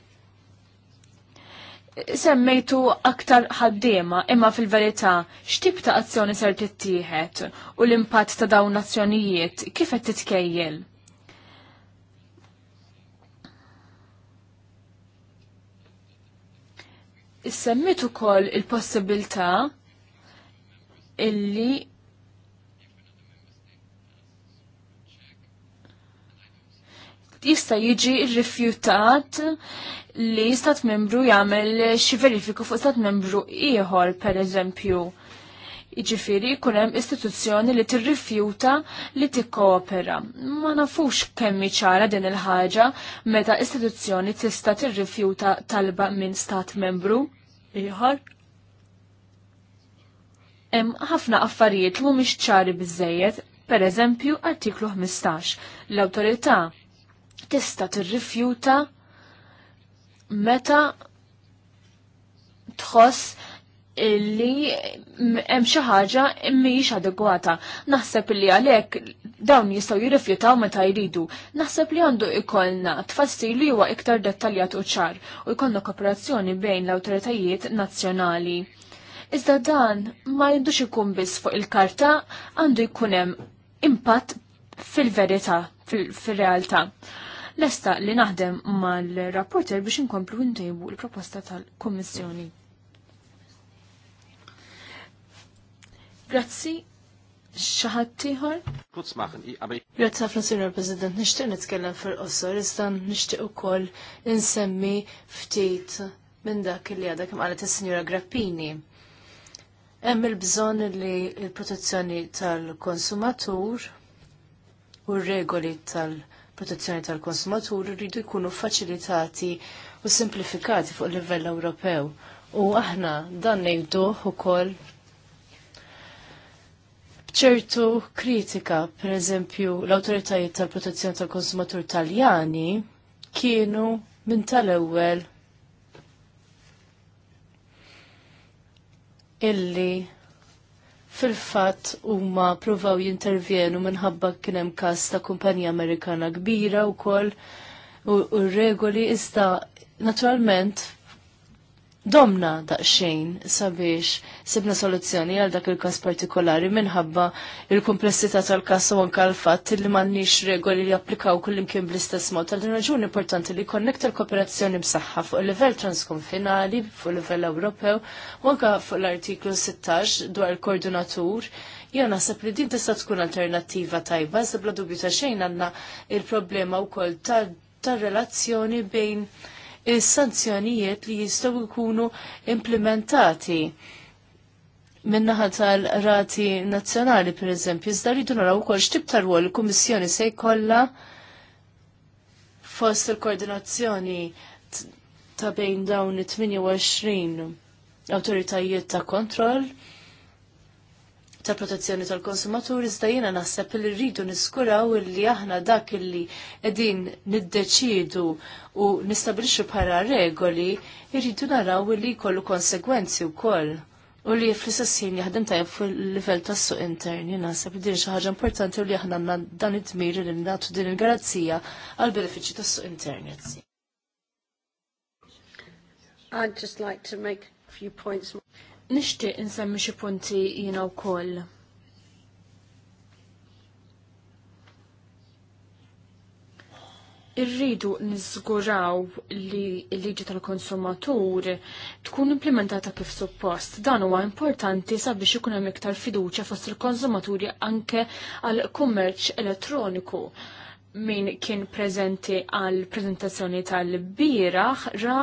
Semmejtu aktar ħaddiema imma fil-verità x'tip ta' azzjoni ser tittieħed u l-impatt ta' dawn l-azzjonijiet kif qed titkejjel? Issemmitu ukoll il possibilta illi jista' jiġi rrifjutat li stat membru jagħmel xi verifiku fuq stat membru ieħor pereżempju. Jiġifieri jkun hemm istituzzjoni li tirrifjuta li tikkoopera. Ma nafux kemm ċara din il-ħaġa meta istituzzjoni tista' tirrifjuta talba minn stat membru ieħor hemm ħafna affarijiet li mhumiex ċari biżejjed, pereżempju artiklu 15. L-awtorità tista tirrifjuta meta tħoss illi hemm xi ħaġa mhijiex adegwata. Naħseb li għalhekk dawn jistgħu jirrifjutaw meta jridu. Naħseb li għandu ikollna tfassil li huwa iktar dettaljat u ċar u jkollna kooperazzjoni bejn l-awtoritajiet nazzjonali. Iżda dan ma jindux ikun biss fuq il-karta għandu jkun hemm impatt fil-verità, fil-realtà. fil verità fil realtà lesta li naħdem mal-rapporter biex inkomplu ntejbu l-proposta tal-Kommissjoni. Grazzi, xaħat tiħor? Grazzi għafna, President, nishtiq nitkellem fil-qossor, istan nishtiq u koll insemmi ftit minn dak li għadak qalet il-Sinjora Grappini. Hemm il-bżonn li l-protezzjoni tal-konsumatur u r-regoli tal-konsumatur protezzjoni tal-konsumatur rridu jkunu faċilitati u simplifikati fuq livell Ewropew. U aħna dan u ukoll bċertu kritika, per eżempju, l-autoritajiet tal-protezzjoni tal-konsumatur taljani kienu minn tal-ewwel illi fil-fatt huma pruvaw jintervjenu minħabba kien hemm każ ta' kumpanija Amerikana kbira wkoll u r-regoli iżda naturalment domna daqxejn sabiex sibna soluzzjoni għal dak il-kas partikolari minħabba il-komplessità tal-kas u anka l-fatt li m'għandniex regoli li applikaw kullimkien bl-istess mod. tal din raġuni importanti li konnekta l-kooperazzjoni b'saħħa fuq il-livell transkonfinali, fuq il-livell Ewropew, u anka fuq l-artiklu 16 dwar il-koordinatur Jena naħseb li din tista' tkun alternattiva tajba, sabla dubju ta' xejn għandna il-problema wkoll tar-relazzjoni bejn is-sanzjonijiet li jistgħu jkunu implementati minnaħa tal-rati nazzjonali pereżempju, iżda rridu naraw kol x'tib ta' rwol il-Kummissjoni se jkollha fost il-koordinazzjoni ta' bejn dawn it-28 awtoritajiet ta' kontroll ta' protezzjoni tal-konsumatur, iżda jiena naħseb li rridu niskuraw li aħna dak illi qegħdin niddeċidu u nistabilixxu bħala regoli, irridu naraw li jkollu konsegwenzi wkoll. U li fl-istess ħin jaħdem tajjeb fil-livell tas-suq intern, jien naħseb din xi ħaġa importanti u li aħna għandna dan id-dmir li nagħtu din il-garanzija għall benefiċċju tas-suq intern. I'd just like to make a few points more nixtieq insemmi xi punti jiena wkoll. Irridu niżguraw li l-liġi tal-konsumatur tkun implementata kif suppost. Dan huwa importanti sabiex ikun hemm iktar fiduċja fost il-konsumaturi anke għal kummerċ elettroniku min kien prezenti għal prezentazzjoni tal-biraħ ra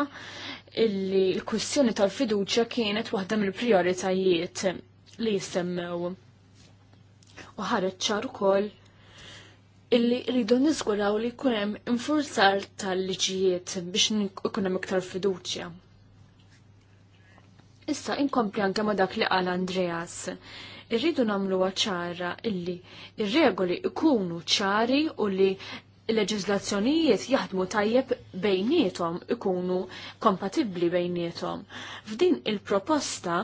illi l-kwistjoni tal-fiduċja kienet waħda mill-prioritajiet li jisemmew. U ħareċ ċar ukoll illi rridu niżguraw li jkun hemm infurzar tal-liġijiet biex ikun hemm iktar fiduċja. Issa inkompli anke ma dak li qal Andreas irridu nagħmluha ċara illi ir-regoli ikunu ċari u li il-leġizlazzjonijiet jaħdmu tajjeb bejnietom ikunu kompatibbli bejnietom. F'din il-proposta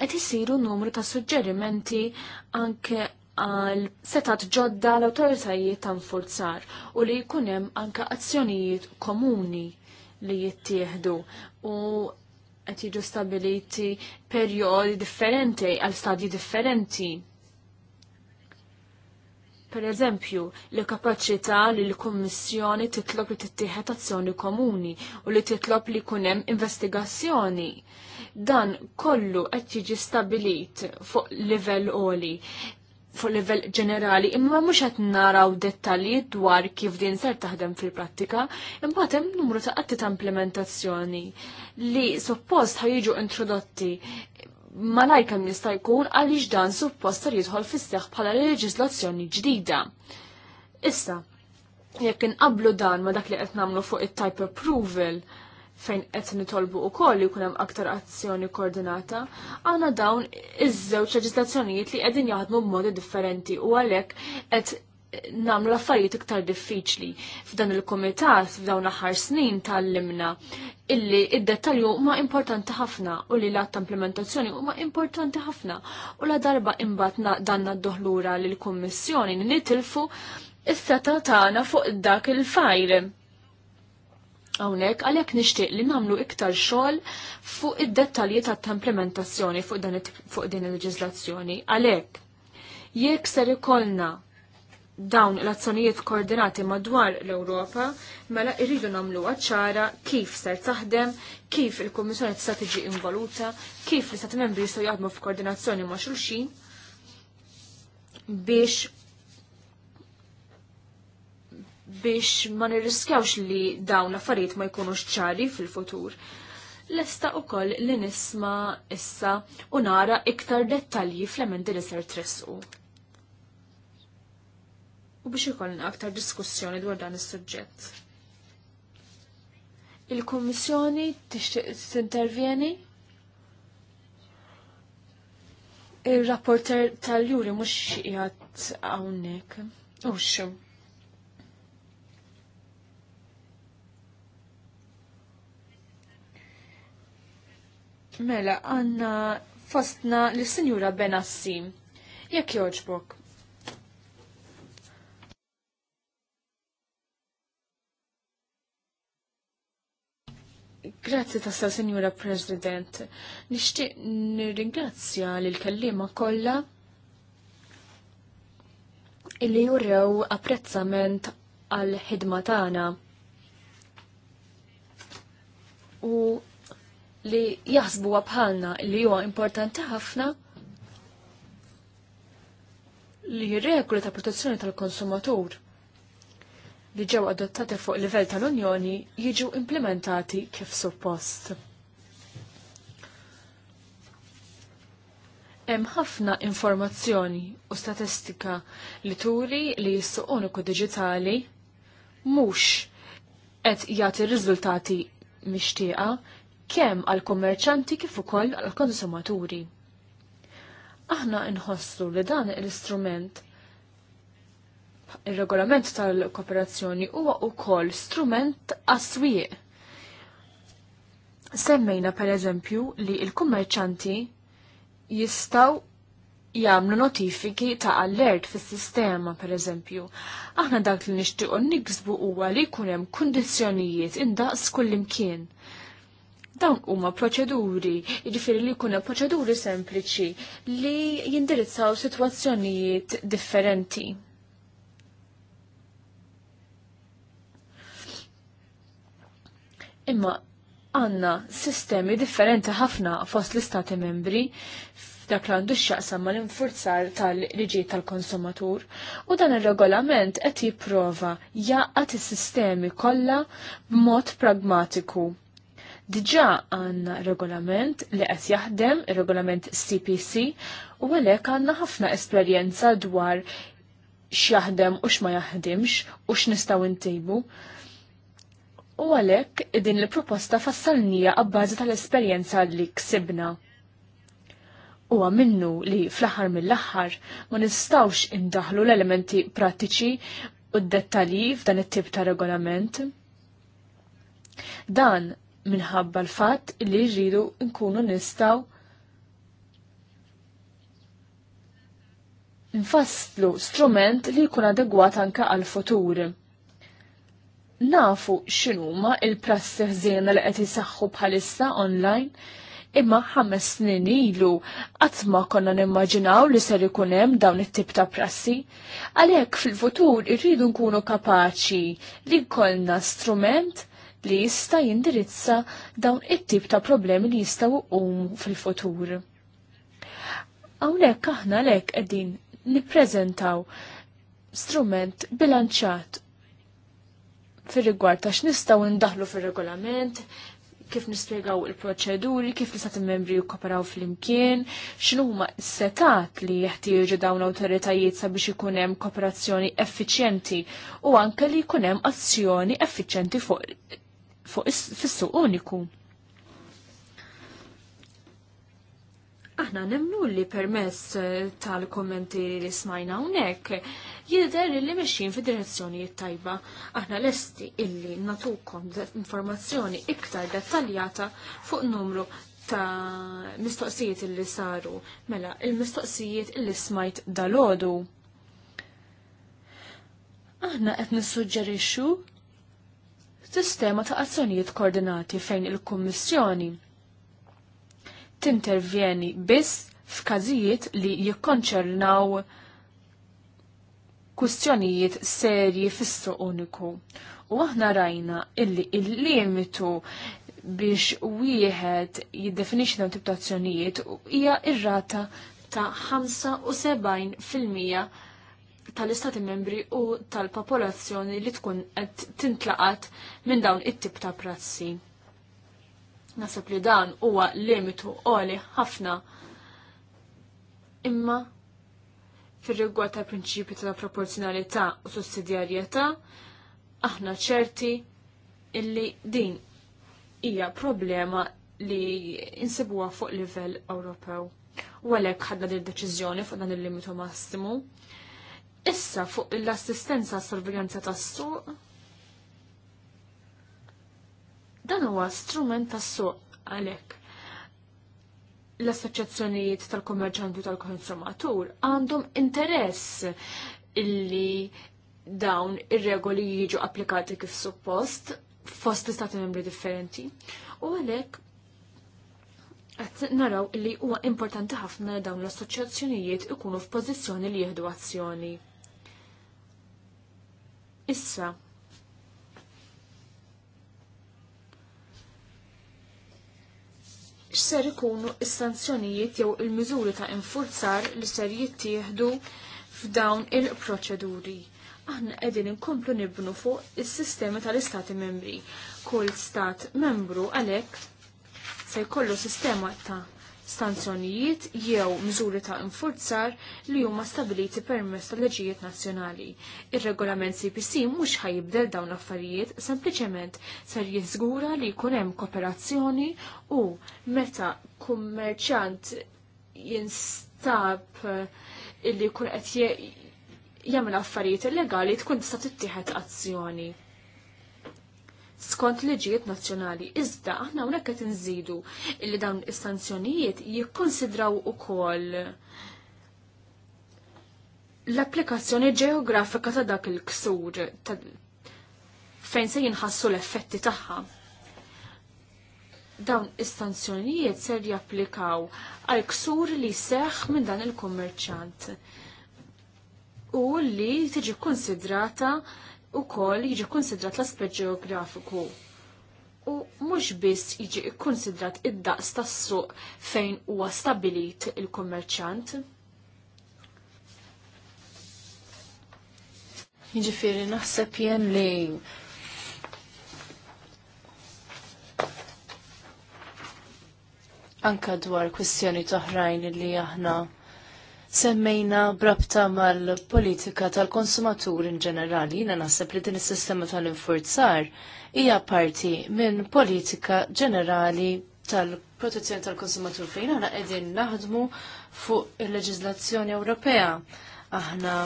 qed isiru numru ta' suġġerimenti anke għal setat ġodda l-autoritajiet ta' nfurzar u li jkun hemm anke azzjonijiet komuni li jittieħdu u qed jiġu stabiliti perjodi differenti għal stadji differenti Per eżempju, li kapacità li l-Kommissjoni titlob li tittieħed azzjoni komuni u li titlob li jkun hemm investigazzjoni. Dan kollu qed jiġi stabilit fuq livell oli fuq livell ġenerali, imma mhux qed naraw dettalji dwar kif din ser taħdem fil-prattika, imbagħad hemm numru ta' qatti ta' implementazzjoni li suppost ħajġu introdotti Ma kem jista' jkun għaliex dan supposter jidħol fis-seħħ bħala leġislazzjoni ġdida. Issa, jekk inqablu dan ma dak li qed nagħmlu fuq it-type approval fejn qed nitolbu wkoll jkun hemm aktar azzjoni koordinata, għandna dawn iż-żewġ leġislazzjonijiet li qegħdin jaħdmu b'modi differenti u għalhekk qed namlu affarijiet iktar diffiċli. F'dan il-komitat f'dawn aħħar snin tal-limna illi id-dettalju ma importanti ħafna u li l-att implementazzjoni huma importanti ħafna u la darba imbatna danna d-doħlura l-Kommissjoni nitilfu is-seta tagħna fuq dak il fajr Hawnhekk għalhekk nixtieq li nagħmlu iktar xogħol fuq id-dettalji tat-implementazzjoni fuq din il-leġiżlazzjoni. Għalhekk jekk ser ikollna dawn l-azzjonijiet koordinati madwar l-Ewropa, mela irridu nagħmlu ċara kif ser taħdem, kif il-Kummissjoni tista' tiġi involuta, kif l-Istati Membri jistgħu jaħdmu f'koordinazzjoni ma' xulxin biex biex ma nirriskjawx li dawn l-affarijiet ma jkunux ċari fil-futur. Lesta u koll li nisma issa u nara iktar dettalji fl-emendi li ser tressu u biex ikollna aktar diskussjoni dwar dan is-suġġett. Il-Kummissjoni tintervjeni Il-rapporter tal-juri mux jgħat għawnek. Uxu. Mela, għanna fostna l-Sinjura Benassi. Jekk joġbok, Grazzi tassa Signora President. Nishtiq nirringrazzja l kallima kolla illi jurew apprezzament għal ħidma tagħna u li jaħsbu bħalna li huwa importanti ħafna li regoli ta' protezzjoni tal-konsumatur li ġew adottati fuq livell tal-Unjoni jiġu implementati kif suppost. Hemm ħafna informazzjoni u statistika li turi li jissuq uniku diġitali mhux qed jagħti riżultati mixtieqa kemm għal kummerċanti kif ukoll għal konsumaturi. Aħna nħossu li dan l-istrument Il-regolament tal-kooperazzjoni huwa wkoll strument għas-swieq. Semmejna per eżempju li il-kummerċanti jistaw jagħmlu notifiki ta' allert fis-sistema pereżempju. Aħna dak li nixtiequ niksbu huwa li jkun hemm kundizzjonijiet indaqs kullimkien. Dawn huma proċeduri, jiġifieri li jkun hemm proċeduri sempliċi li jindirizzaw sitwazzjonijiet differenti. imma għanna sistemi differenti ħafna fost l-istati membri dak li għandu x'jaqsam mal-infurzar tal-liġi tal-konsumatur u dan ir-regolament qed jipprova jaqgħat is-sistemi kollha b'mod pragmatiku. Diġà għandna regolament li qed jaħdem, regolament CPC, u għalhekk għandna ħafna esperjenza dwar x'jaħdem u x'ma jaħdimx u x'nistgħu intibu. U għalhekk din il-proposta fassalnija għabbażi tal-esperjenza li ksibna. Huwa minnu li fl-aħħar mill-aħħar ma nistawx indaħlu l-elementi prattiċi u d-dettalji f'dan it-tip ta' regolament. Dan minħabba l-fatt li jridu nkunu nistaw nfasslu strument li jkun adegwat anka għal futur nafu x'inhuma il-prassi ħżiena li qed saħħu bħalissa online, imma ħames snin ilu qatt ma konna nimmaġinaw li ser ikun hemm dawn it-tip ta' prassi. Għalhekk fil-futur irridu nkunu kapaċi li jkollna strument li jista' jindirizza dawn it-tip ta' problemi li jistgħu um fil-futur. Hawnhekk aħna lek qegħdin nippreżentaw strument bilanċat fil-rigward ta' x'nistgħu ndaħlu fir-regolament, kif nispjegaw il-proċeduri, kif nistat istati membri jikkoperaw fl-imkien, xinu huma setat li jeħtieġu dawn l-awtoritajiet sabiex ikun hemm kooperazzjoni effiċjenti u anke li jkun hemm azzjoni effiċjenti fuq fuq fis-suq uniku. Aħna nemnu li permess eh, tal-kommenti li smajna hawnhekk jidher li mexxin fid-direzzjonijiet tajba. Aħna lesti illi natukom informazzjoni iktar dettaljata fuq numru ta' mistoqsijiet illi saru. Mela, il-mistoqsijiet illi smajt dalodu. Aħna qed nissuġġerixxu sistema ta' azzjonijiet koordinati fejn il-Kummissjoni tintervjeni biss f'każijiet li jikkonċernaw kustjonijiet serji fissu uniku. U aħna rajna illi il-limitu biex wieħed jiddefinixxi dawn tip azzjonijiet hija r-rata ta' 75% tal-istati membri u tal-popolazzjoni li tkun qed tintlaqat minn dawn it-tip ta' prassi. Nasab li dan huwa limitu qoli ħafna imma fil-rigward tal-prinċipju ta' proporzjonalità u sussidjarjetà, aħna ċerti illi din hija problema li insibuha fuq livell Ewropew. U għalhekk ħadna din deċiżjoni fuq dan il-limitu massimu. Issa fuq l-assistenza sorveljanza tas-suq dan huwa strument tas-suq għalhekk l-assoċjazzjonijiet tal-kummerċanti u tal-konsumatur għandhom interess illi dawn ir-regoli jiġu applikati kif suppost fost l istati membri differenti. U għalhekk qed naraw li huwa importanti ħafna li dawn l-assoċjazzjonijiet ikunu f'pożizzjoni li jieħdu azzjoni. Issa, x'ser ikunu s-sanzjonijiet jew il-miżuri ta' infurzar li ser jittieħdu f'dawn il-proċeduri. Aħna qegħdin inkomplu nibnu fuq is-sistemi tal-Istati membri. Kull stat membru għalhekk se jkollu sistema ta' sanzjonijiet jew miżuri ta' infurzar li huma stabiliti permess tal-leġijiet nazzjonali. Ir-regolament CPC mhux ħajibdel dawn l-affarijiet, sempliċement ser jiżgura li jkun hemm kooperazzjoni u meta kummerċant jinstab eh, illi jkun qed jagħmel affarijiet illegali tkun tista' tittieħed azzjoni skont liġijiet nazzjonali. Iżda aħna hawnhekk qed inżidu li dawn is-sanzjonijiet jikkonsidraw ukoll l-applikazzjoni ġeografika ta' dak il-ksur fejn se jinħassu l-effetti tagħha. Dawn is-sanzjonijiet ser japplikaw għal ksur li seħ minn dan il-kummerċant u li tiġi konsidrata u kol jiġi konsidrat l-aspet ġeografiku u mhux biss jiġi konsidrat id-daqs tas-suq fejn huwa stabilit il-kummerċant. Jiġifieri naħseb jen li anka dwar kwestjoni toħrajn li aħna semmejna brabta mal-politika tal-konsumatur in ġenerali, jina naħseb li din is-sistema tal-infurzar hija parti minn politika ġenerali tal-protezzjoni tal-konsumatur fejn aħna qegħdin naħdmu fuq il-leġiżlazzjoni Ewropea. Aħna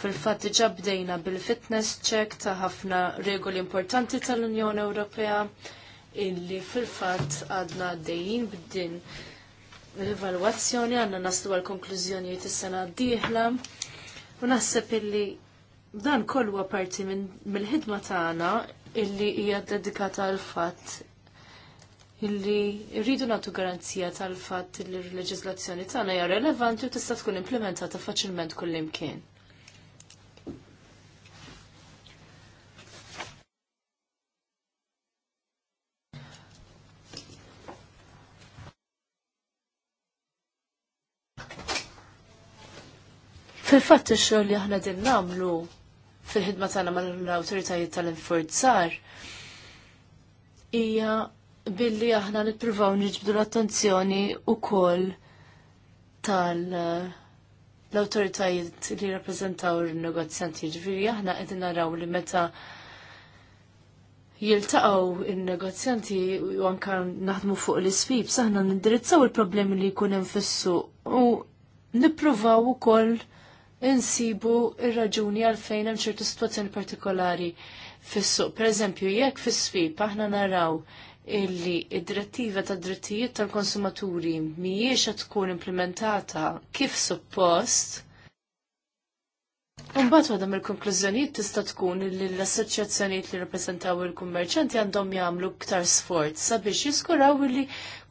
fil-fatt diġà bdejna bil-fitness check ta' ħafna regoli importanti tal-Unjoni Ewropea illi fil-fatt għadna għaddejjin b'din l-evalwazzjoni għanna naslu għal konklużjonijiet is-sena d-dieħla u naħseb illi dan kollu parti mill-ħidma tagħna illi hija dedikata għal fatt illi rridu nagħtu garanzija tal-fatt li l-leġiżlazzjoni tagħna hija relevanti u tista' tkun implementata faċilment kull imkien. Fil-fatt ix-xogħol li aħna din nagħmlu fil-ħidma tagħna mal-awtoritajiet tal-infurzar hija billi aħna nippruvaw niġbdu l-attenzjoni ukoll tal- eh, l-autoritajiet li rappresentaw il-negozjanti ġviri aħna edin naraw li meta jiltaqaw il-negozjanti u anka naħdmu fuq l-isfib, saħna nindirizzaw il-problemi li jkun fissu u nipruvaw u koll insibu ir-raġuni għalfejn hemm ċertu situazzjoni partikolari fis-suq. Pereżempju, jekk fis-sfib aħna naraw illi id-direttiva ta' drittijiet tal-konsumaturi mhijiex qed tkun implementata kif suppost, Imbagħad waħda mill-konklużjonijiet tista' tkun li l-assoċjazzjonijiet li rappreżentaw il-kummerċanti għandhom jagħmlu ktar sforz sabiex jiskuraw li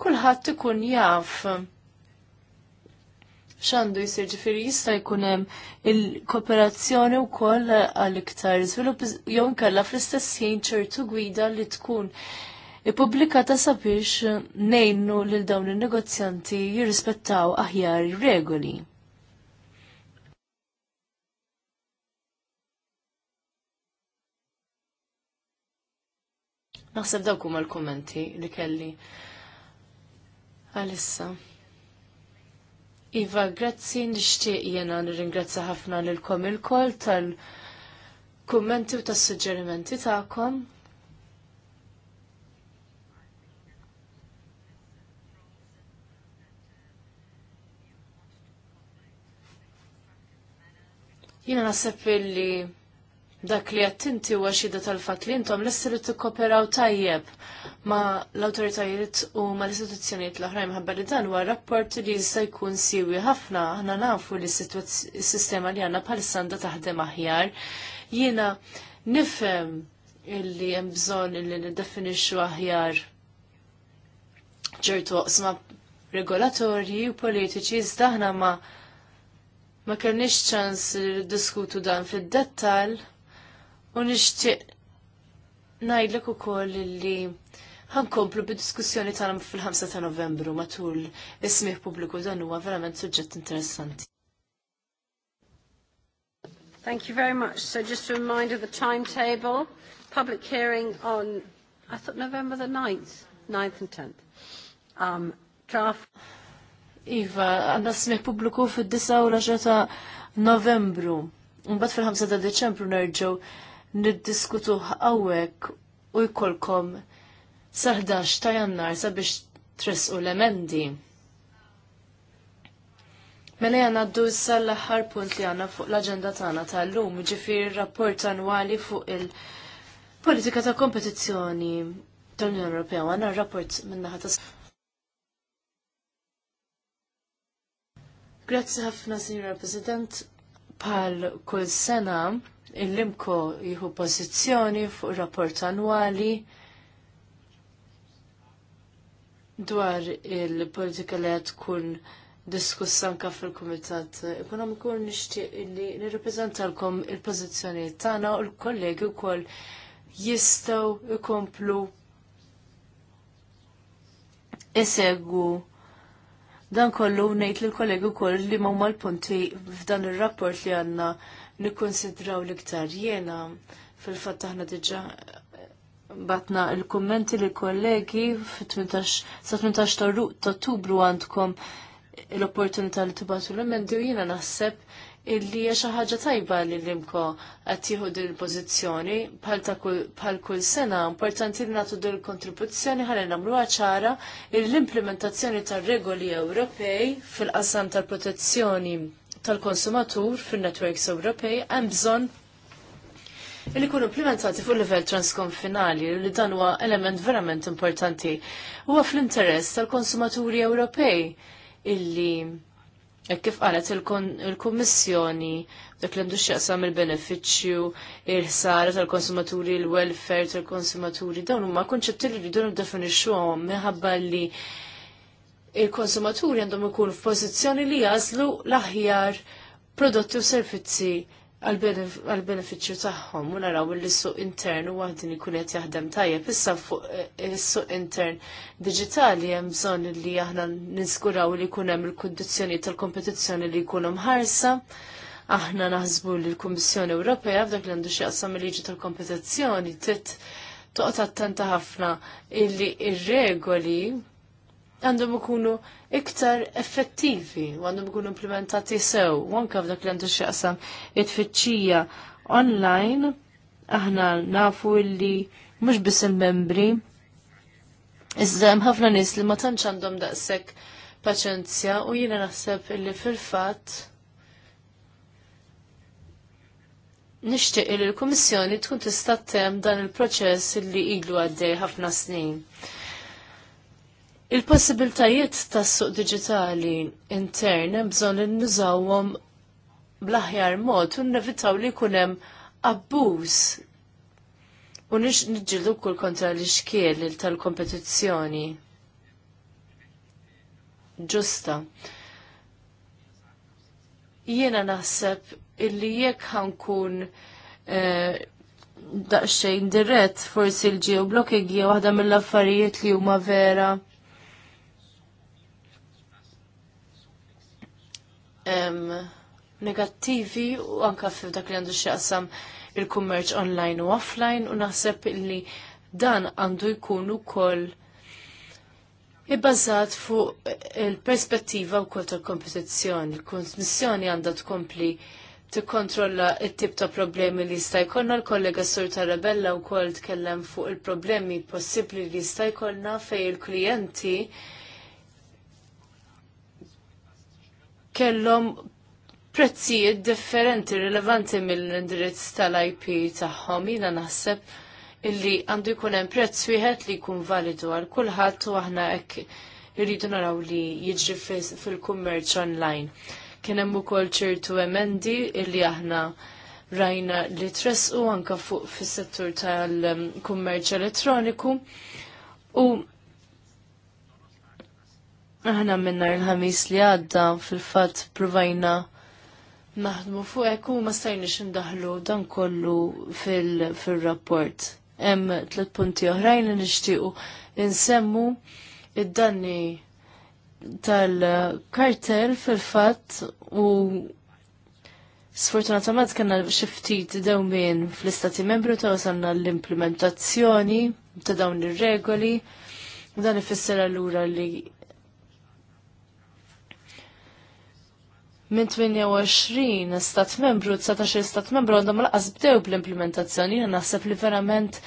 kulħadd ikun jaf xandu jisir ġifiri jista jkunem il-kooperazzjoni u koll għal-iktar zvilup jon kalla fl-istess jien ċertu gwida li tkun i-publikata sabiex nejnu lil dawn il-negozjanti jirrispettaw aħjar regoli. Naħseb dawkum għal l-kummenti li kelli. Għalissa. Iva, grazzi nishtiq jena nirringrazzja ħafna lilkom il-kol tal-kummenti u tas-suġġerimenti tagħkom. Jina nasib li dak li għattinti u għaxida tal-fat li intom l-essir t-kooperaw tajjeb ma l-autoritajiet u ma l-istituzzjonijiet l-oħrajn ħabbar li dan huwa rapport li jista' jkun siwi ħafna aħna nafu li s-sistema li għandna bħal-sanda taħdem aħjar. Jiena nifhem illi hemm bżonn illi niddefinixxu aħjar ċertu oqsma regolatorji u politiċi iżda aħna ma ma kellniex ċans li diskutu dan fid-dettall U najdlek u ukoll li ħankomplu bid-diskussjoni tagħna fil-5 ta' Novembru matul is-smieħ pubbliku dan huwa verament suġġett interessanti. Thank you very much. So just a reminder of the timetable. Public hearing on, I thought November the 9th, 9th and 10th. Um, draft. Iva, għanna smiħ publiku fil-disa u l Novembru. Un Novembru. fil-5 ta' Deċembru nerġgħu niddiskutu hawnhekk u jkollkom saħdax ta' jannar sabiex tresqu l-emendi. Mela jana għaddu issa l-aħħar punt li għandna fuq l-aġenda tagħna tal-lum, ġifir rapport annwali fuq il-politika ta' kompetizzjoni tal-Unjoni Ewropea għanna rapport minnaħa ta' Grazzi ħafna, Signora President bħal kull sena il-limko jieħu pożizzjoni fuq rapport annwali dwar il-politika li tkun diskussan anka fil-Kumitat Ekonomiku nixtieq li nirrepresentalkom il-pożizzjonijiet tagħna u l-kollegi wkoll jistgħu ikomplu isegwu Dan kollu ngħid lill kollegu wkoll li huma mal punti f'dan ir-rapport li għandna nikkonsidraw l-iktar jiena fil-fatt aħna diġà eh, batna il-kummenti li kollegi sa 18 ta' ottubru għandkom l-opportunità li tibatu l-emendi u jiena naħseb illi hija xi ħaġa tajba li l-imko qed jieħu din il-pożizzjoni bħal kull sena importanti li nagħtu din il-kontribuzzjoni ħalli nagħmluha ċara li l-implementazzjoni tar-regoli Ewropej fil-qasam tal-protezzjoni tal-konsumatur fin-networks Ewropej hemm bżonn li kunu implementati fuq livell transkonfinali li dan huwa element verament importanti. Huwa fl-interess tal-konsumaturi Ewropej illi Ek kif qalet il-Kummissjoni dak li għandu x'jaqsam il-benefiċċju, il-ħsara tal-konsumaturi, il-welfare tal-konsumaturi, dawn huma konċetti li rridu niddefinixxuhom minħabba li il-konsumaturi għandhom ikunu f'pożizzjoni li jażlu l-aħjar prodotti u servizzi għal benefiċċju tagħhom u naraw li suq intern u għadin ikun qed jaħdem tajjeb. Issa fuq eh, is-suq intern diġitali hemm bżonn li aħna niżguraw li jkun hemm il-kundizzjoni tal-kompetizzjoni li jkunu ħarsa. Aħna naħsbu li l-Kummissjoni Ewropea f'dak li għandu x'jaqsam il-liġi tal-kompetizzjoni tit toqgħod attenta ħafna illi ir-regoli il għandhom ikunu iktar effettivi u għandhom ikunu implementati sew. u anke f'dak li għandu x'jaqsam it-tfittxija online aħna nafu li mhux biss il-membri Iżda hemm ħafna nies li ma tantx għandhom daqshekk paċenzja u jiena naħseb illi fil-fatt nixtieq li l-Kummissjoni tkun tista' tem dan il-proċess li ilu għaddej ħafna snin. Il-possibiltajiet tas-suq digitali intern hemm bżonn innużawhom bl-aħjar mod u nevitaw li jkun hemm abbuż u nix nġildu kull kontra l xkiel tal-kompetizzjoni ġusta. Jiena naħseb illi jekk ħankun eh, daqsxejn dirett forsi l-ġeoblocking hija waħda mill-affarijiet li huma vera negattivi u anka dak li għandu xieqsam il-kummerċ online u offline u naħseb li dan għandu jkun ukoll ibbażat fuq il-perspettiva wkoll tal-kompetizzjoni. Il-Kummissjoni għandha tkompli tikkontrolla it-tip ta' problemi li jista' jkollna l-kollega Sur Tarabella wkoll tkellem fuq il-problemi possibbli li jista' jkollna fej il-klijenti kellhom prezzijiet differenti rilevanti mill-indirizz tal-IP tagħhom. Jiena naħseb illi għandu jkun hemm prezz wieħed li jkun validu għal kulħadd u aħna hekk irridu naraw li jiġri fil-kummerċ online. Kien hemm ukoll ċertu emendi illi aħna rajna li tresqu anka fuq fis-settur tal-kummerċ elettroniku u Aħna minna l-ħamis li għadda fil-fat provajna naħdmu fuq u ma stajniex indaħlu dan kollu fil-rapport. Hemm tliet punti oħrajn li nixtiequ insemmu id-danni tal-kartel fil-fatt u sfortunatament kena xi ftit dewmien fl-istati membru ta' għasanna l-implementazzjoni ta' dawn ir-regoli. Dan ifisser allura li minn 28 stat membru, 19 stat membru għandhom laqas bdew bl-implementazzjoni, jena naħseb li verament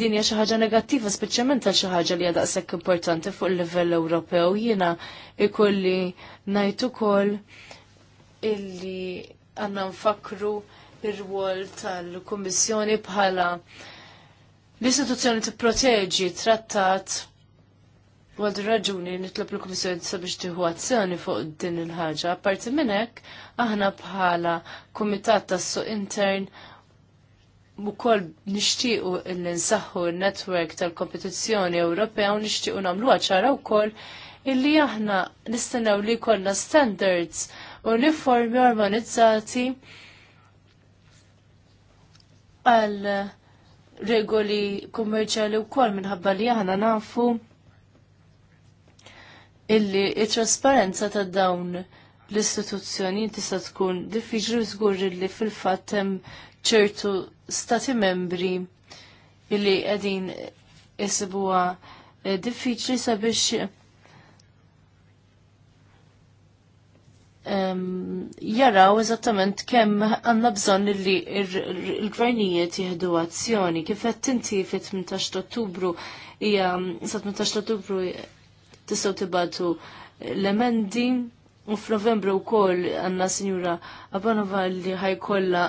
din hija xi ħaġa negattiva speċjalment għal xi ħaġa li hija daqshekk importanti fuq il-livell Ewropew. Jiena ikolli ngħid ukoll illi għandna nfakru ir-rwol tal-Kummissjoni bħala l-istituzzjoni tipproteġi trattat Għad raġuni nitlob l-Komissjoni sabiex tieħu azzjoni fuq din il-ħaġa. Apparti minn hekk, aħna bħala Kumitat tas-Suq Intern ukoll nixtiequ illi nsaħħu n-netwerk tal-kompetizzjoni Ewropea u nixtiequ nagħmluha ċara wkoll illi aħna nistennew li jkollna standards uniformi armonizzati għal regoli kummerċjali wkoll minħabba li aħna nafu illi il trasparenza ta' dawn l-istituzzjoni tista' tkun diffiċli żgur li fil-fatt hemm ċertu stati membri illi qegħdin isibuha eh, diffiċli sabiex ehm, jaraw eżattament kemm għandna bżonn li l-gvernijiet jieħdu azzjoni. Kif qed tinti fit-18 Ottubru hija sa 18 Ottubru tistgħu tibatu l-emendi u f'Novembru wkoll għandna Signora Abanova li ħajkollha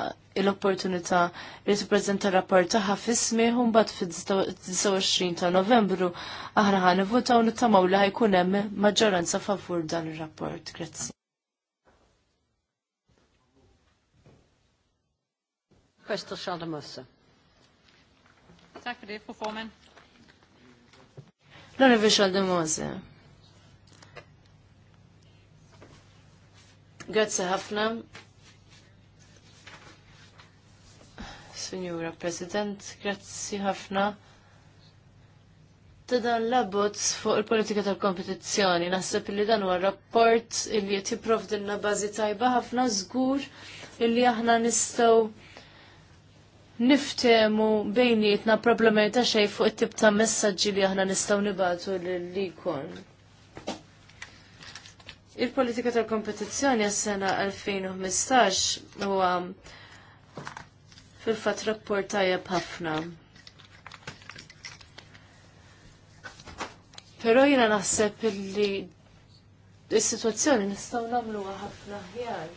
l-opportunità li tippreżenta rapport tagħha f'ismi hum bat fid-29 ta' Novembru aħna ħan nivvotaw nittamaw li ħajkun hemm maġġoranza favur dan ir-rapport. Grazzi. Questo Schaldemose. Thank you, Dave, for forming vero di Mose. Grazie ħafna. Signora President, grazie ħafna. Ta' l-abbozz fuq il-politika tal-kompetizzjoni, naħseb li dan huwa rapport illi qed jipprovdilna bażi tajba ħafna żgur illi aħna nistgħu niftemu bejnietna problemi ta' xej fuq it-tip ta' messaġġi li aħna nistgħu nibatu li ikon Il-politika tal-kompetizzjoni għas-sena 2015 huwa fil-fatt rapport tajjeb ħafna. Però jiena naħseb li is-sitwazzjoni nistgħu nagħmluha ħafna ħjar.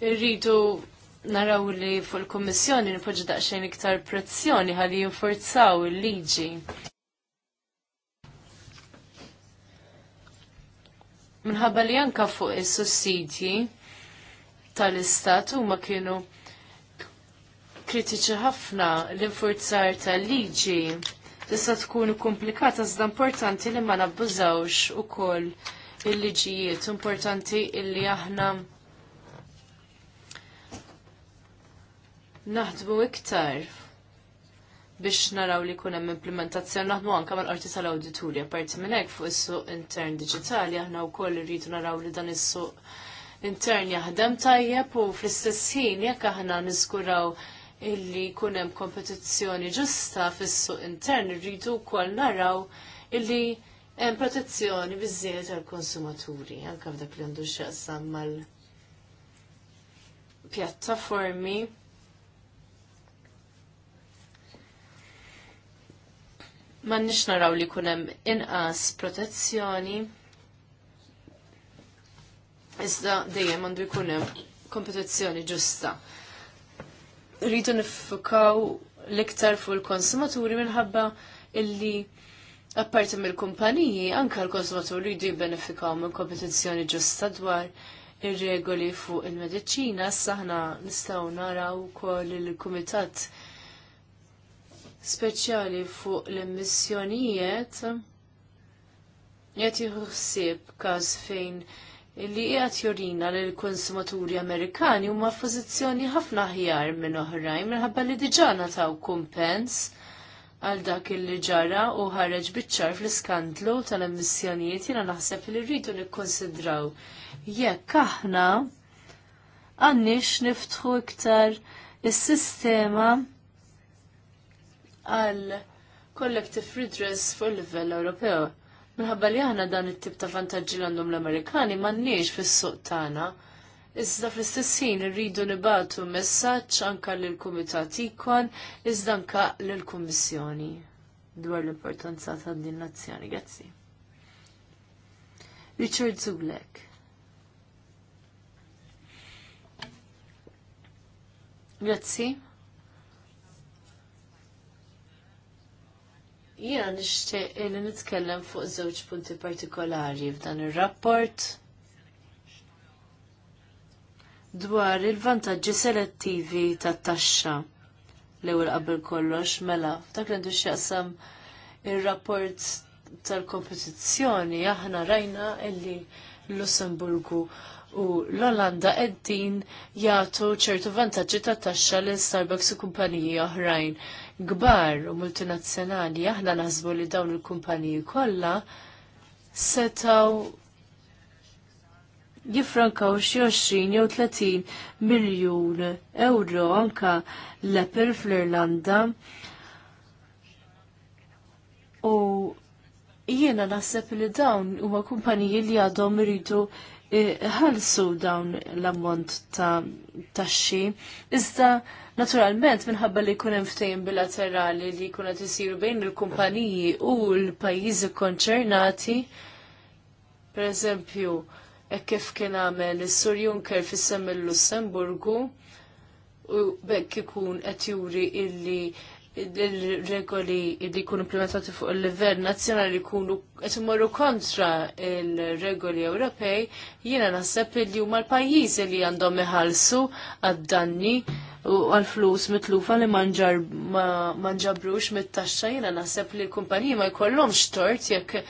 irridu naraw li fuq il-Kommissjoni nipoġġu daqsxejn iktar prezzjoni ħalli jinforzaw il-liġi. Minħabba li anka fuq is-sussidji tal-Istat huma kienu kritiċi ħafna l-infurzar tal-liġi tista' tkun komplikata iżda importanti li ma nabbużawx ukoll il-liġijiet importanti illi aħna naħdmu iktar biex naraw li kunem implementazzjoni naħdmu anka mal qarti tal-awditurja. Parti minn hekk fuq is-suq intern diġitali aħna wkoll irridu naraw li dan is-suq intern jaħdem tajjeb u fl-istess ħin jekk aħna niżguraw illi kunem kompetizzjoni ġusta fis-suq intern irridu wkoll naraw illi hemm protezzjoni biżżejjed tal-konsumaturi anke f'dak li għandu x'jaqsam mal-pjattaformi ma nix naraw li kunem inqas protezzjoni. Iżda dejjem għandu jkunem kompetizzjoni ġusta. Rridu nifukaw l-iktar fuq il-konsumaturi minħabba illi apparti mill-kumpaniji anka l-konsumaturi jridu jibbenefikaw minn kompetizzjoni ġusta dwar ir-regoli fuq il-mediċina, saħna nistgħu naraw ukoll il-kumitat speċjali fuq l-emissjonijiet qed jieħu ħsieb każ fejn li qiegħed jorina l konsumaturi Amerikani huma f'pożizzjoni ħafna aħjar minn oħrajn minħabba li diġà nataw kumpens għal dak li ġara u ħareġ biċċar fl-iskandlu tal-emissjonijiet jiena naħseb li rridu nikkonsidraw jekk aħna għandniex niftħu iktar is-sistema għal collective redress fuq livell Ewropew. Minħabba li aħna dan it-tip ta' vantaġġi għandhom l-Amerikani m'għandniex fis-suq tagħna. Iżda fl-istess ħin irridu nibatu messaġġ anke lill-Kumitat ikon, iżda anke lill-Kummissjoni dwar l-importanza ta' din nazzjoni, gazzi. Grazzi. Richard Zulek. Grazzi. Ija nixtieq li nitkellem fuq żewġ punti partikolari f'dan ir-rapport dwar il-vantaġġi selettivi tat-taxxa l-ewwel qabel kollox mela f'dak li xjaqsam ir-rapport tal-kompetizzjoni aħna rajna illi l-Lussemburgu u l-Olanda qegħdin jagħtu ċertu vantaġġi ta' taxxa l Starbucks u kumpaniji oħrajn gbar u multinazzjonali aħna naħsbu li dawn il-kumpaniji kollha setaw jifrankaw xi 20 jew 30 miljun euro anka l-Apple fl-Irlanda. U jiena naħseb li dawn huma kumpaniji li għadhom iridu eh, ħalsu dawn l-ammont ta' taxxi. Iżda Naturalment, minħabba li jkun hemm bilaterali li jkun qed isiru bejn il-kumpaniji u l-pajjiżi konċernati, pereżempju, hekk kif kien għamel is-Sur Juncker fissem il-Lussemburgu, u bekk ikun qed juri illi il-regoli li jkunu implementati fuq il-livell nazzjonali jkunu qed imorru kontra il-regoli Ewropej, jiena naħseb li huma l-pajjiżi li għandhom iħallsu għad-danni għal-flus mitlufa li manġar manġabrux mit-taxxa jiena naħseb li l-kumpaniji ma jkollhomx tort jekk e,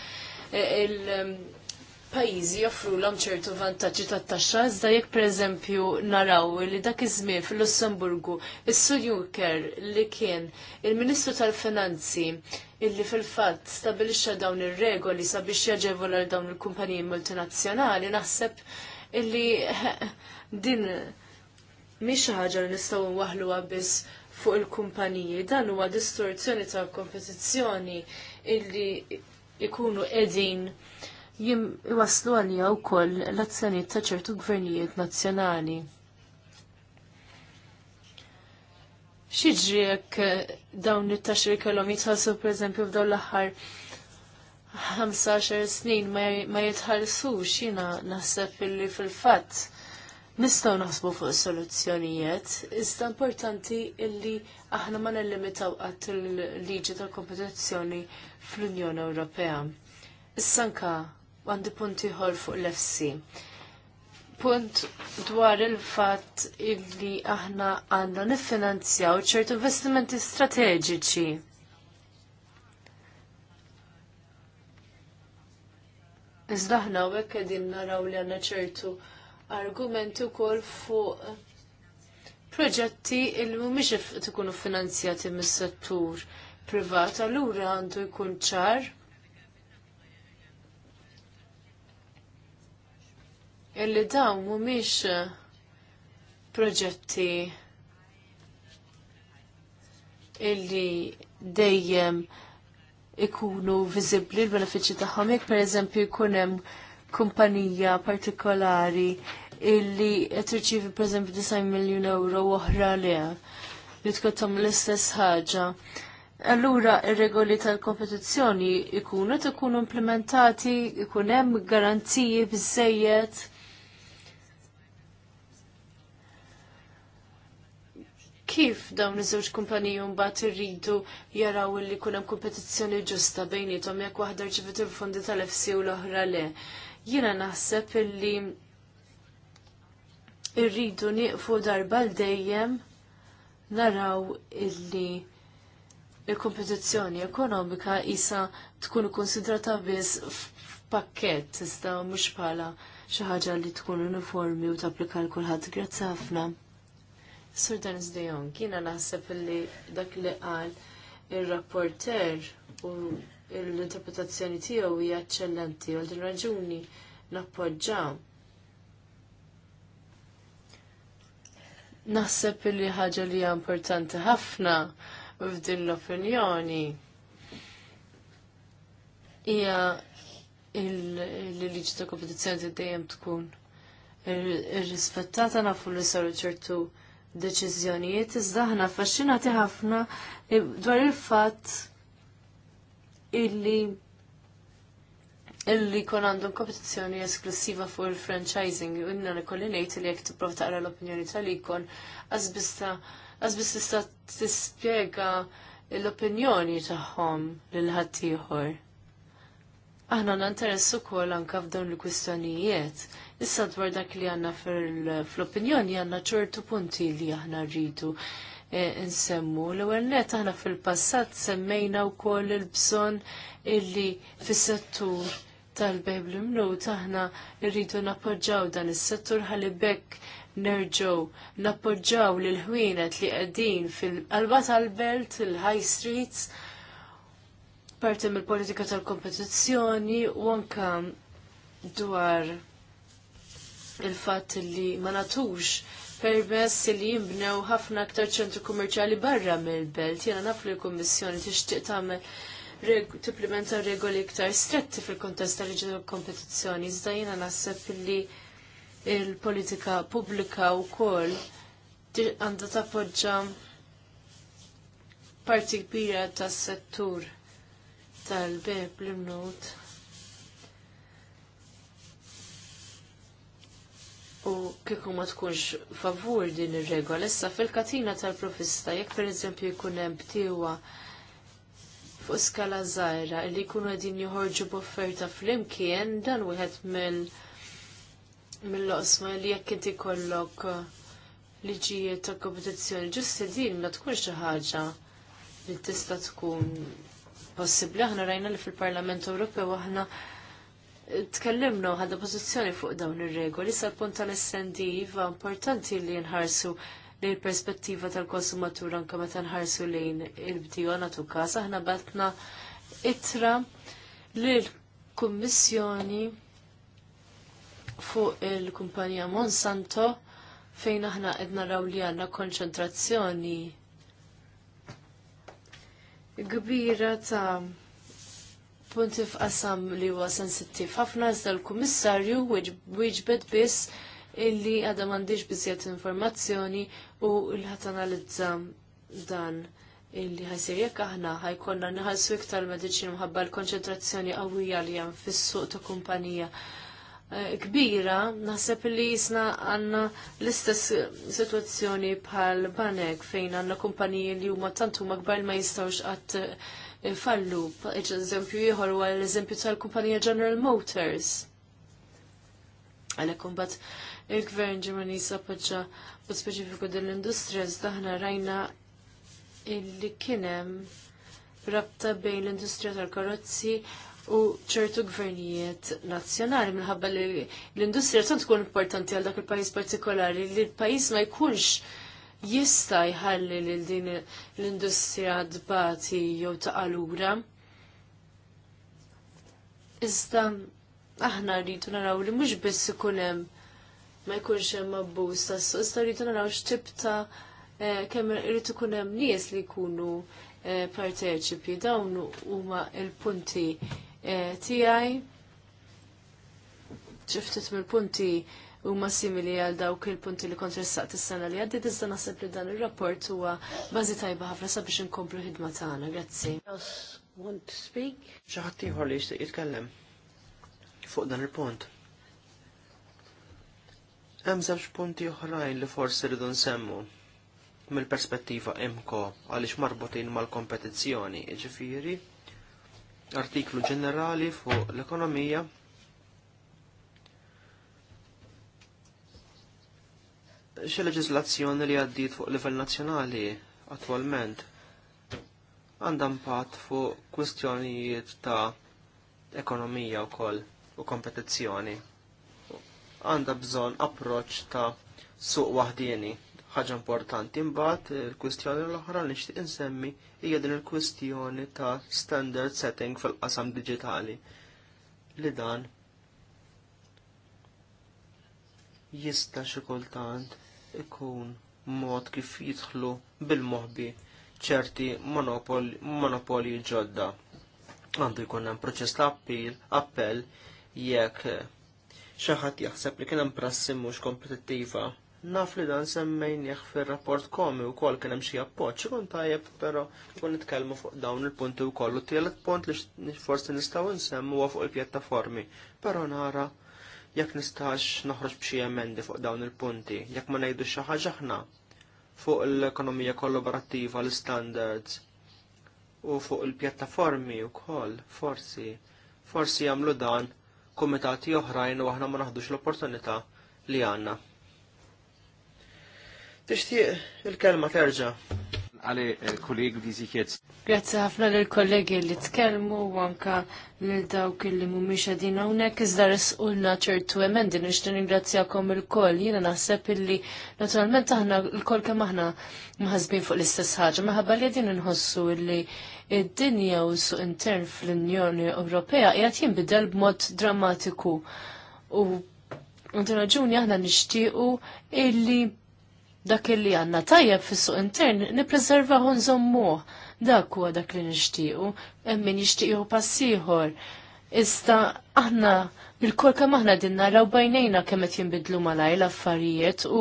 il-pajjiżi joffru l ċertu vantaġġi tat-taxxa iżda jekk pereżempju naraw li dak iż-żmien fil-Lussemburgu is sud Juncker li kien il-Ministru tal-Finanzi illi fil-fatt stabilixxa dawn ir-regoli sabiex jaġevola dawn il-kumpaniji multinazzjonali naħseb illi din mhix xi ħaġa li nistgħu nwaħluha biss fuq il-kumpaniji, dan huwa distorzjoni ta' kompetizzjoni illi ikunu qegħdin jim iwaslu għalija wkoll l-azzjonijiet ta' ċertu gvernijiet nazzjonali. Xieġri jekk eh, dawn it-taxri kellhom jitħassu pereżempju f'dawn l-aħħar 15 snin ma jitħallsux jiena naħseb illi fil-fatt Nistgħu naħsbu fuq soluzzjonijiet, iżda importanti illi aħna ma nellimitaw qatt il-liġi tal-kompetizzjoni fl-Unjoni Ewropea. Issanka għandi punti ħol fuq l-FC. Punt dwar il-fatt illi aħna għandna niffinanzjaw ċertu investimenti strateġiċi Iżda ħna u għek għedin naraw li għanna ċertu Argument ukoll fuq proġetti li mhumiex ikunu finanzjati mis-settur privat, allura għandu jkun ċar illi dawn mhumiex eh, proġetti illi dejjem ikunu viżibbli l-benefiċċji tagħhom jekk pereżempju jkun hemm kumpanija partikolari illi qed irċievi pereżempju 9 miljun euro oħra leha li tkun l-istess ħaġa. Allura il regoli tal-kompetizzjoni ikunu ikunu implementati, ikun hemm garanziji biżejjed. kif dawn iż-żewġ kumpaniji mbagħad irridu jaraw li jkun hemm kompetizzjoni ġusta bejnietom jekk waħda rċivet il-fondi tal-FC u l-oħra le. Jiena naħseb illi irridu nieqfu darba l dejjem naraw illi il-kompetizzjoni ekonomika isa tkun konsidrata biss f'pakkett iżda mhux bħala xi ħaġa li tkun uniformi u tapplika l kulħadd grazzi ħafna. Sur Dennis De Jong, jiena naħseb illi dak li qal ir-rapporter u l-interpretazzjoni tiegħu hija eċċellenti u din raġuni nappoġġaw. Naħseb li ħaġa li hija importanti ħafna f'din l-opinjoni hija il-liġi ta' kompetizzjoni dejjem tkun irrispettata nafu li saru ċertu deċiżjonijiet iżda ħna affaxxinati ħafna dwar il-fatt illi illi kon għandhom kompetizzjoni esklusiva fuq il-franchising, inna ikolli nejt li jek tipprov taqra l-opinjoni tal-ikon, għazbis tista tispiega l-opinjoni tagħhom lil ħaddieħor. Aħna ninteress ukoll anke f'dawn il-kwistjonijiet. Issa dwar dak li għandna fl-opinjoni għandna ċertu punti li aħna rridu E, nsemmu. L-ewwel net aħna fil-passat semmejna wkoll il-bżonn illi fis-settur tal-bejb mnut aħna rridu nappoġġaw dan is-settur ħalli bekk nerġgħu nappoġġaw lil ħwienet li qegħdin fil-qalba tal-belt, il-high streets, parti mill-politika tal-kompetizzjoni u anka dwar il-fatt li ma natux permess li jimbnew ħafna aktar ċentru kummerċali barra mill-belt. Jena naf li l-Kommissjoni tixtieq tagħmel tipplementa regoli iktar stretti fil-kontest tal liġi kompetizzjoni. Iżda jiena naħseb li il-politika pubblika wkoll għandha tappoġġa parti kbira tas-settur tal-beb l-imnut U kieku ma tkunx favur din ir-regola, issa fil-katina tal-profista, jekk pereżempju jkun hemm ptiewa fuq skala żgħira li jkunu qegħdin joħorġu b'offerta flimkien dan wieħed mill mill-loqsma li jekk inti kollok uh, liġijiet ta' kompetizzjoni ġusti din ma tkunx xi ħaġa li tista' tkun possibbli. Aħna rajna li fil-Parlament Ewropew aħna tkellimna ħadna pożizzjoni fuq dawn ir-regoli sa punt tal-essendi iva importanti li nħarsu li l-perspettiva tal-konsumatur anke meta nħarsu lejn il-bdiju natu każ aħna batna itra li l-Kummissjoni fuq il-kumpanija Monsanto fejn aħna qed naraw li għandna konċentrazzjoni kbira ta' punti f'qasam li huwa sensittiv ħafna iżda l-kummissarju wieġbed biss illi għadha m'għandix biżjed informazzjoni u l ħadd analizza dan illi ħajsir jekk aħna ħajkonna nħallsu iktar mediċin mħabba l-konċentrazzjoni qawwija li hemm fis-suq ta' kumpanija eh, kbira, naħseb li jisna għanna l-istess situazzjoni bħal banek fejn għanna kumpaniji li huma tantu makbar ma jistawx għat infallu. Eżempju ieħor huwa l-eżempju tal-kumpanija General Motors. Għalhekk imbagħad il-gvern ġemani appoġġa mod specifiku din l-industrija aħna rajna illi kien hemm rabta bejn l-industrija tal-karozzi u ċertu gvernijiet nazzjonali minħabba li l-industrija tant tkun importanti għal dak il-pajjiż partikolari li l-pajjiż ma jkunx jista' jħalli lil din l-industrija dbati jew taqalura. Iżda aħna rridu naraw li mhux biss ikun hemm ma jkunx hemm abbuż tassu, iżda rridu naraw x'tib ta' eh, kemm irid ikun hemm nies li jkunu eh, parteċipi dawn huma il-punti eh, tiegħi ċiftit mill-punti ma simili għal dawk il-punti li s-saqt is-sena li għaddi iżda naħseb li dan ir-rapport huwa bażi tajba ħafna sabiex inkomplu ħidma tagħna. Grazzi. Want to speak? ħadd ieħor li jixtieq jitkellem fuq dan il-punt. Hemm żewġ punti oħrajn li forsi rridu nsemmu mill-perspettiva imko għaliex marbutin mal-kompetizzjoni, ġifieri artiklu ġenerali fuq l-ekonomija xi leġislazzjoni li għaddiet fuq livell nazzjonali attwalment għandha impatt fuq kwistjonijiet ta' ekonomija wkoll u kompetizzjoni. Għandha bżonn approċċ ta' suq wahdini ħaġa importanti mbagħad il-kwistjoni l-oħra li nixtieq insemmi hija din il-kwistjoni ta' standard setting fil-qasam diġitali li dan jista' xi kultant ikun mod kif jidħlu bil-moħbi ċerti monopoli ġodda. Għandu jkun hemm proċess ta' appell, appell jekk xi ħadd jaħseb li kien hemm prassi mhux kompetittiva. Naf li dan semmejnieh fir-rapport komi wkoll kien hemm xi appoġġ ikun tajjeb, però kun nitkellmu fuq dawn il-punti wkoll u tielet punt li forsi nistgħu nsemmu huwa fuq il-pjattaformi, però nara jekk nistax noħroġ b'xi emendi fuq dawn il-punti, jekk ma ngħidux xi ħaġa fuq l-ekonomija kollaborattiva, l-standards u fuq il-pjattaformi wkoll, forsi, forsi jagħmlu dan kumitati oħrajn u aħna ma naħdux l-opportunità li għandna. Tixtieq il-kelma terġa' li äh, Grazzi ħafna lill kollegi li tkellmu u anka lil dawk li mhumiex qegħdin hawnhekk iżda resqulna ċertu emendi nixtieq ningrazzjakom il-koll. Jiena naħseb illi naturalment aħna l-koll kem aħna maħazbin fuq l-istess ħaġa, maħabba li qegħdin inħossu illi id-dinja u suq intern fl-Unjoni Ewropea qiegħed jinbidel b'mod drammatiku. U raġuni aħna nixtiequ illi dak li għanna tajjeb fis-suq intern nippreservaħu nżommuh. Dak huwa dak li nixtiequ, hemm min jixtiequ passiħor. Iżda aħna bil-kol kemm aħna din naraw bajnejna kemm qed jinbidlu malaj l-affarijiet u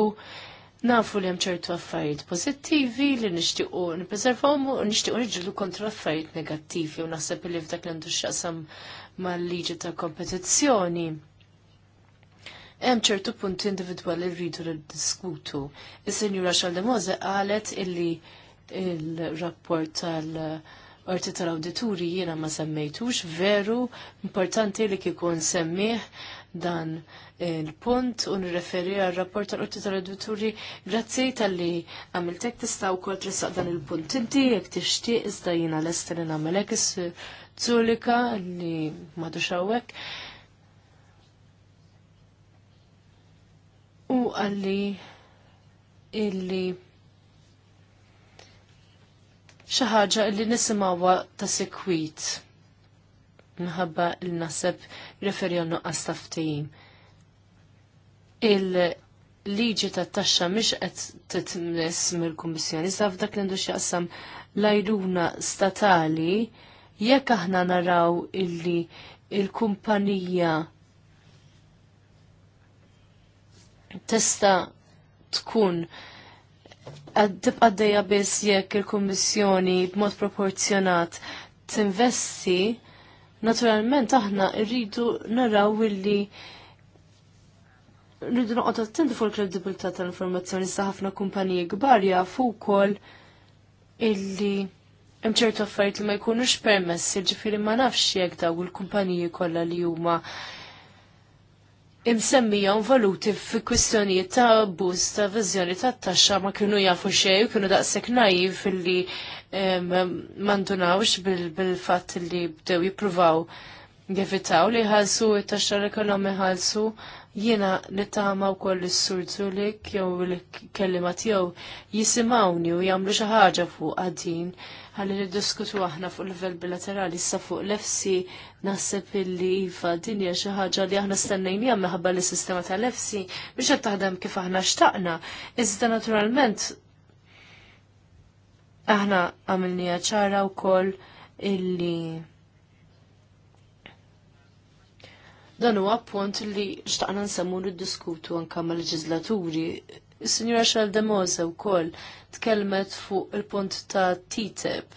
nafu li hemm ċertu affarijiet pożittivi li nixtiequ nippreservawhom u nixtiequ niġġieldu kontra affarijiet negattivi u naħseb li f'dak li għandu x'aqsam mal-liġi ta' kompetizzjoni hemm ċertu punti individwali rridu niddiskutu. Is-Sinjura Xaldemoze qalet illi il-rapport tal- Orti tal-awdituri jiena ma semmejtux veru importanti li kikun semmih dan il-punt u nirreferi għal rapport tal-orti tal-awdituri grazzi tal-li għamiltek tista' wkoll tressaq dan il-punt inti jekk tixtieq iżda jiena l li nagħmelek is-zulika li madu xawek. u għalli illi xaħġa illi nisimawa ta' sekwit minħabba il-naseb referi għal nuqqas taftim. Il-liġi ta' taxxa mhix qed titmiss mill-Kummissjoni, iżda dak li ndu xaqsam lajruna statali jekk aħna naraw illi il-kumpanija testa tkun tibqa' dejja biss jekk il-Kummissjoni b'mod proporzjonat tinvesti, naturalment aħna rridu naraw illi rridu noqgħod attenti fuq il-kredibilità tal-informazzjoni sa ħafna kumpaniji kbar jafu wkoll illi hemm ċertu affarijiet li ma jkunux permessi, ġifieri ma nafx jekk daw il-kumpaniji kollha li huma imsemmija valuti fi kwistjonijiet ta' abbuż ta' viżjoni ta' taxxa ma kienu jafu xejn u kienu daqshekk naiv illi mandunawx bil-fatt li bdew jippruvaw jevitaw li ħalsu it-taxxa ekonomi kellhom iħallsu jiena nittama wkoll is-sur Zulik jew il-kellima tiegħu jisimawni u jagħmlu xi ħaġa fuq għadin ħalli niddiskutu aħna fuq livell bilaterali issa fuq l-efsi naħseb illi iva din hija xi ħaġa li aħna stennejnija meħabba li sistema tal-efsi biex qed taħdem kif aħna xtaqna. Iżda naturalment aħna għamilnija ċara wkoll illi Dan huwa punt li xtaqna nsemmu niddiskutu anke ma' leġislaturi. Is-Sinjura Xalda Mose wkoll tkellmet fuq il-punt ta' TTIP.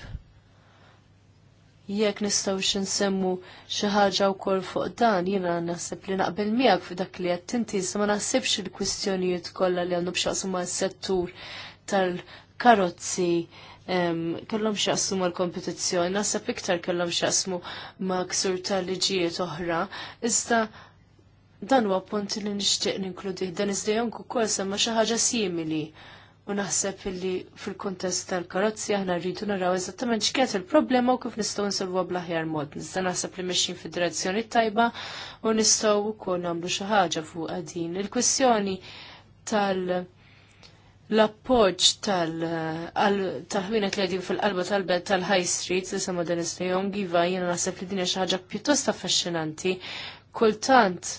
Jekk nistgħu x'insemmu xi ħaġa wkoll fuq dan, jiena naħseb li naqbel miegħek f'dak li qed inti ma naħsibx il-kwistjonijiet kollha li għandhom x'jaqsmu mas-settur tal-karozzi kellhom xaqsmu mal-kompetizzjoni, naħseb iktar kellhom xaqsmu ma' ksur ta' liġijiet oħra, iżda dan huwa punt li nixtieq ninkludi dan iżda jonku wkoll semma xi ħaġa simili. U naħseb li fil-kontest tal-karozzi aħna rridu naraw eżattament x'kienet il-problema u kif nistgħu nsolvuha bl-aħjar mod. Nista' naħseb li mexxin fid-direzzjoni tajba u nistgħu wkoll nagħmlu xi ħaġa fuq din. Il-kwistjoni tal- l-appoġġ tal-ħwienet li għedin fil-qalba tal-bed tal-High Street li sema Dennis Leon Giva jiena naħseb li din xi ħaġa pjuttost affaxxinanti. Kultant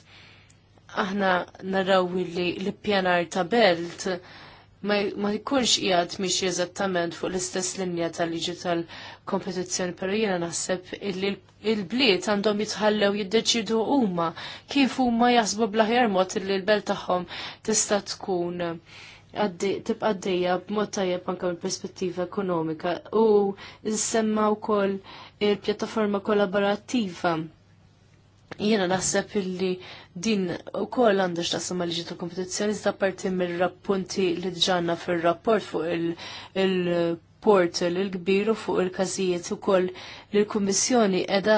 aħna naraw li l-pjanar ta' belt ma jkunx qiegħed miex eżattament fuq l-istess linja tal-liġi tal-kompetizzjoni, però jiena naħseb illi il-bliet għandhom jitħallew jiddeċidu huma kif huma jaħsbu bl-aħjar mod li l-belt tagħhom tista' tkun tibqa' dejja b'mod tajjeb anke mill-perspettiva ekonomika u nsemma wkoll il-pjattaforma kollaborattiva. Jiena naħseb illi din ukoll għandha x'taqsam mal-liġi ta' kompetizzjoni iżda parti mill-rappunti li ġanna fir-rapport fuq il-, il portal il-kbiru fuq il-każijiet ukoll li l-Kummissjoni qiegħda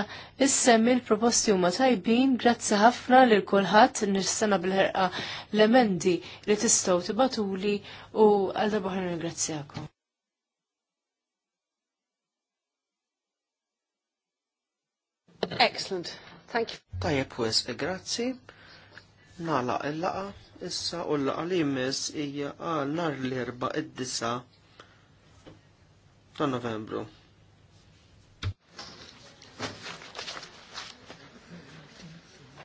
issemmi l-proposti huma tajbin grazzi ħafna lil kulħadd nistana bil-ħerqa l-emendi li tistgħu tibatuli u għal darba ringrazzjakom. Excellent. Thank you. Tajjeb wis, grazzi. Nala il-laqa issa u l-laqa li jmiss hija għal nar l-erba' id-disa' ta' novembru.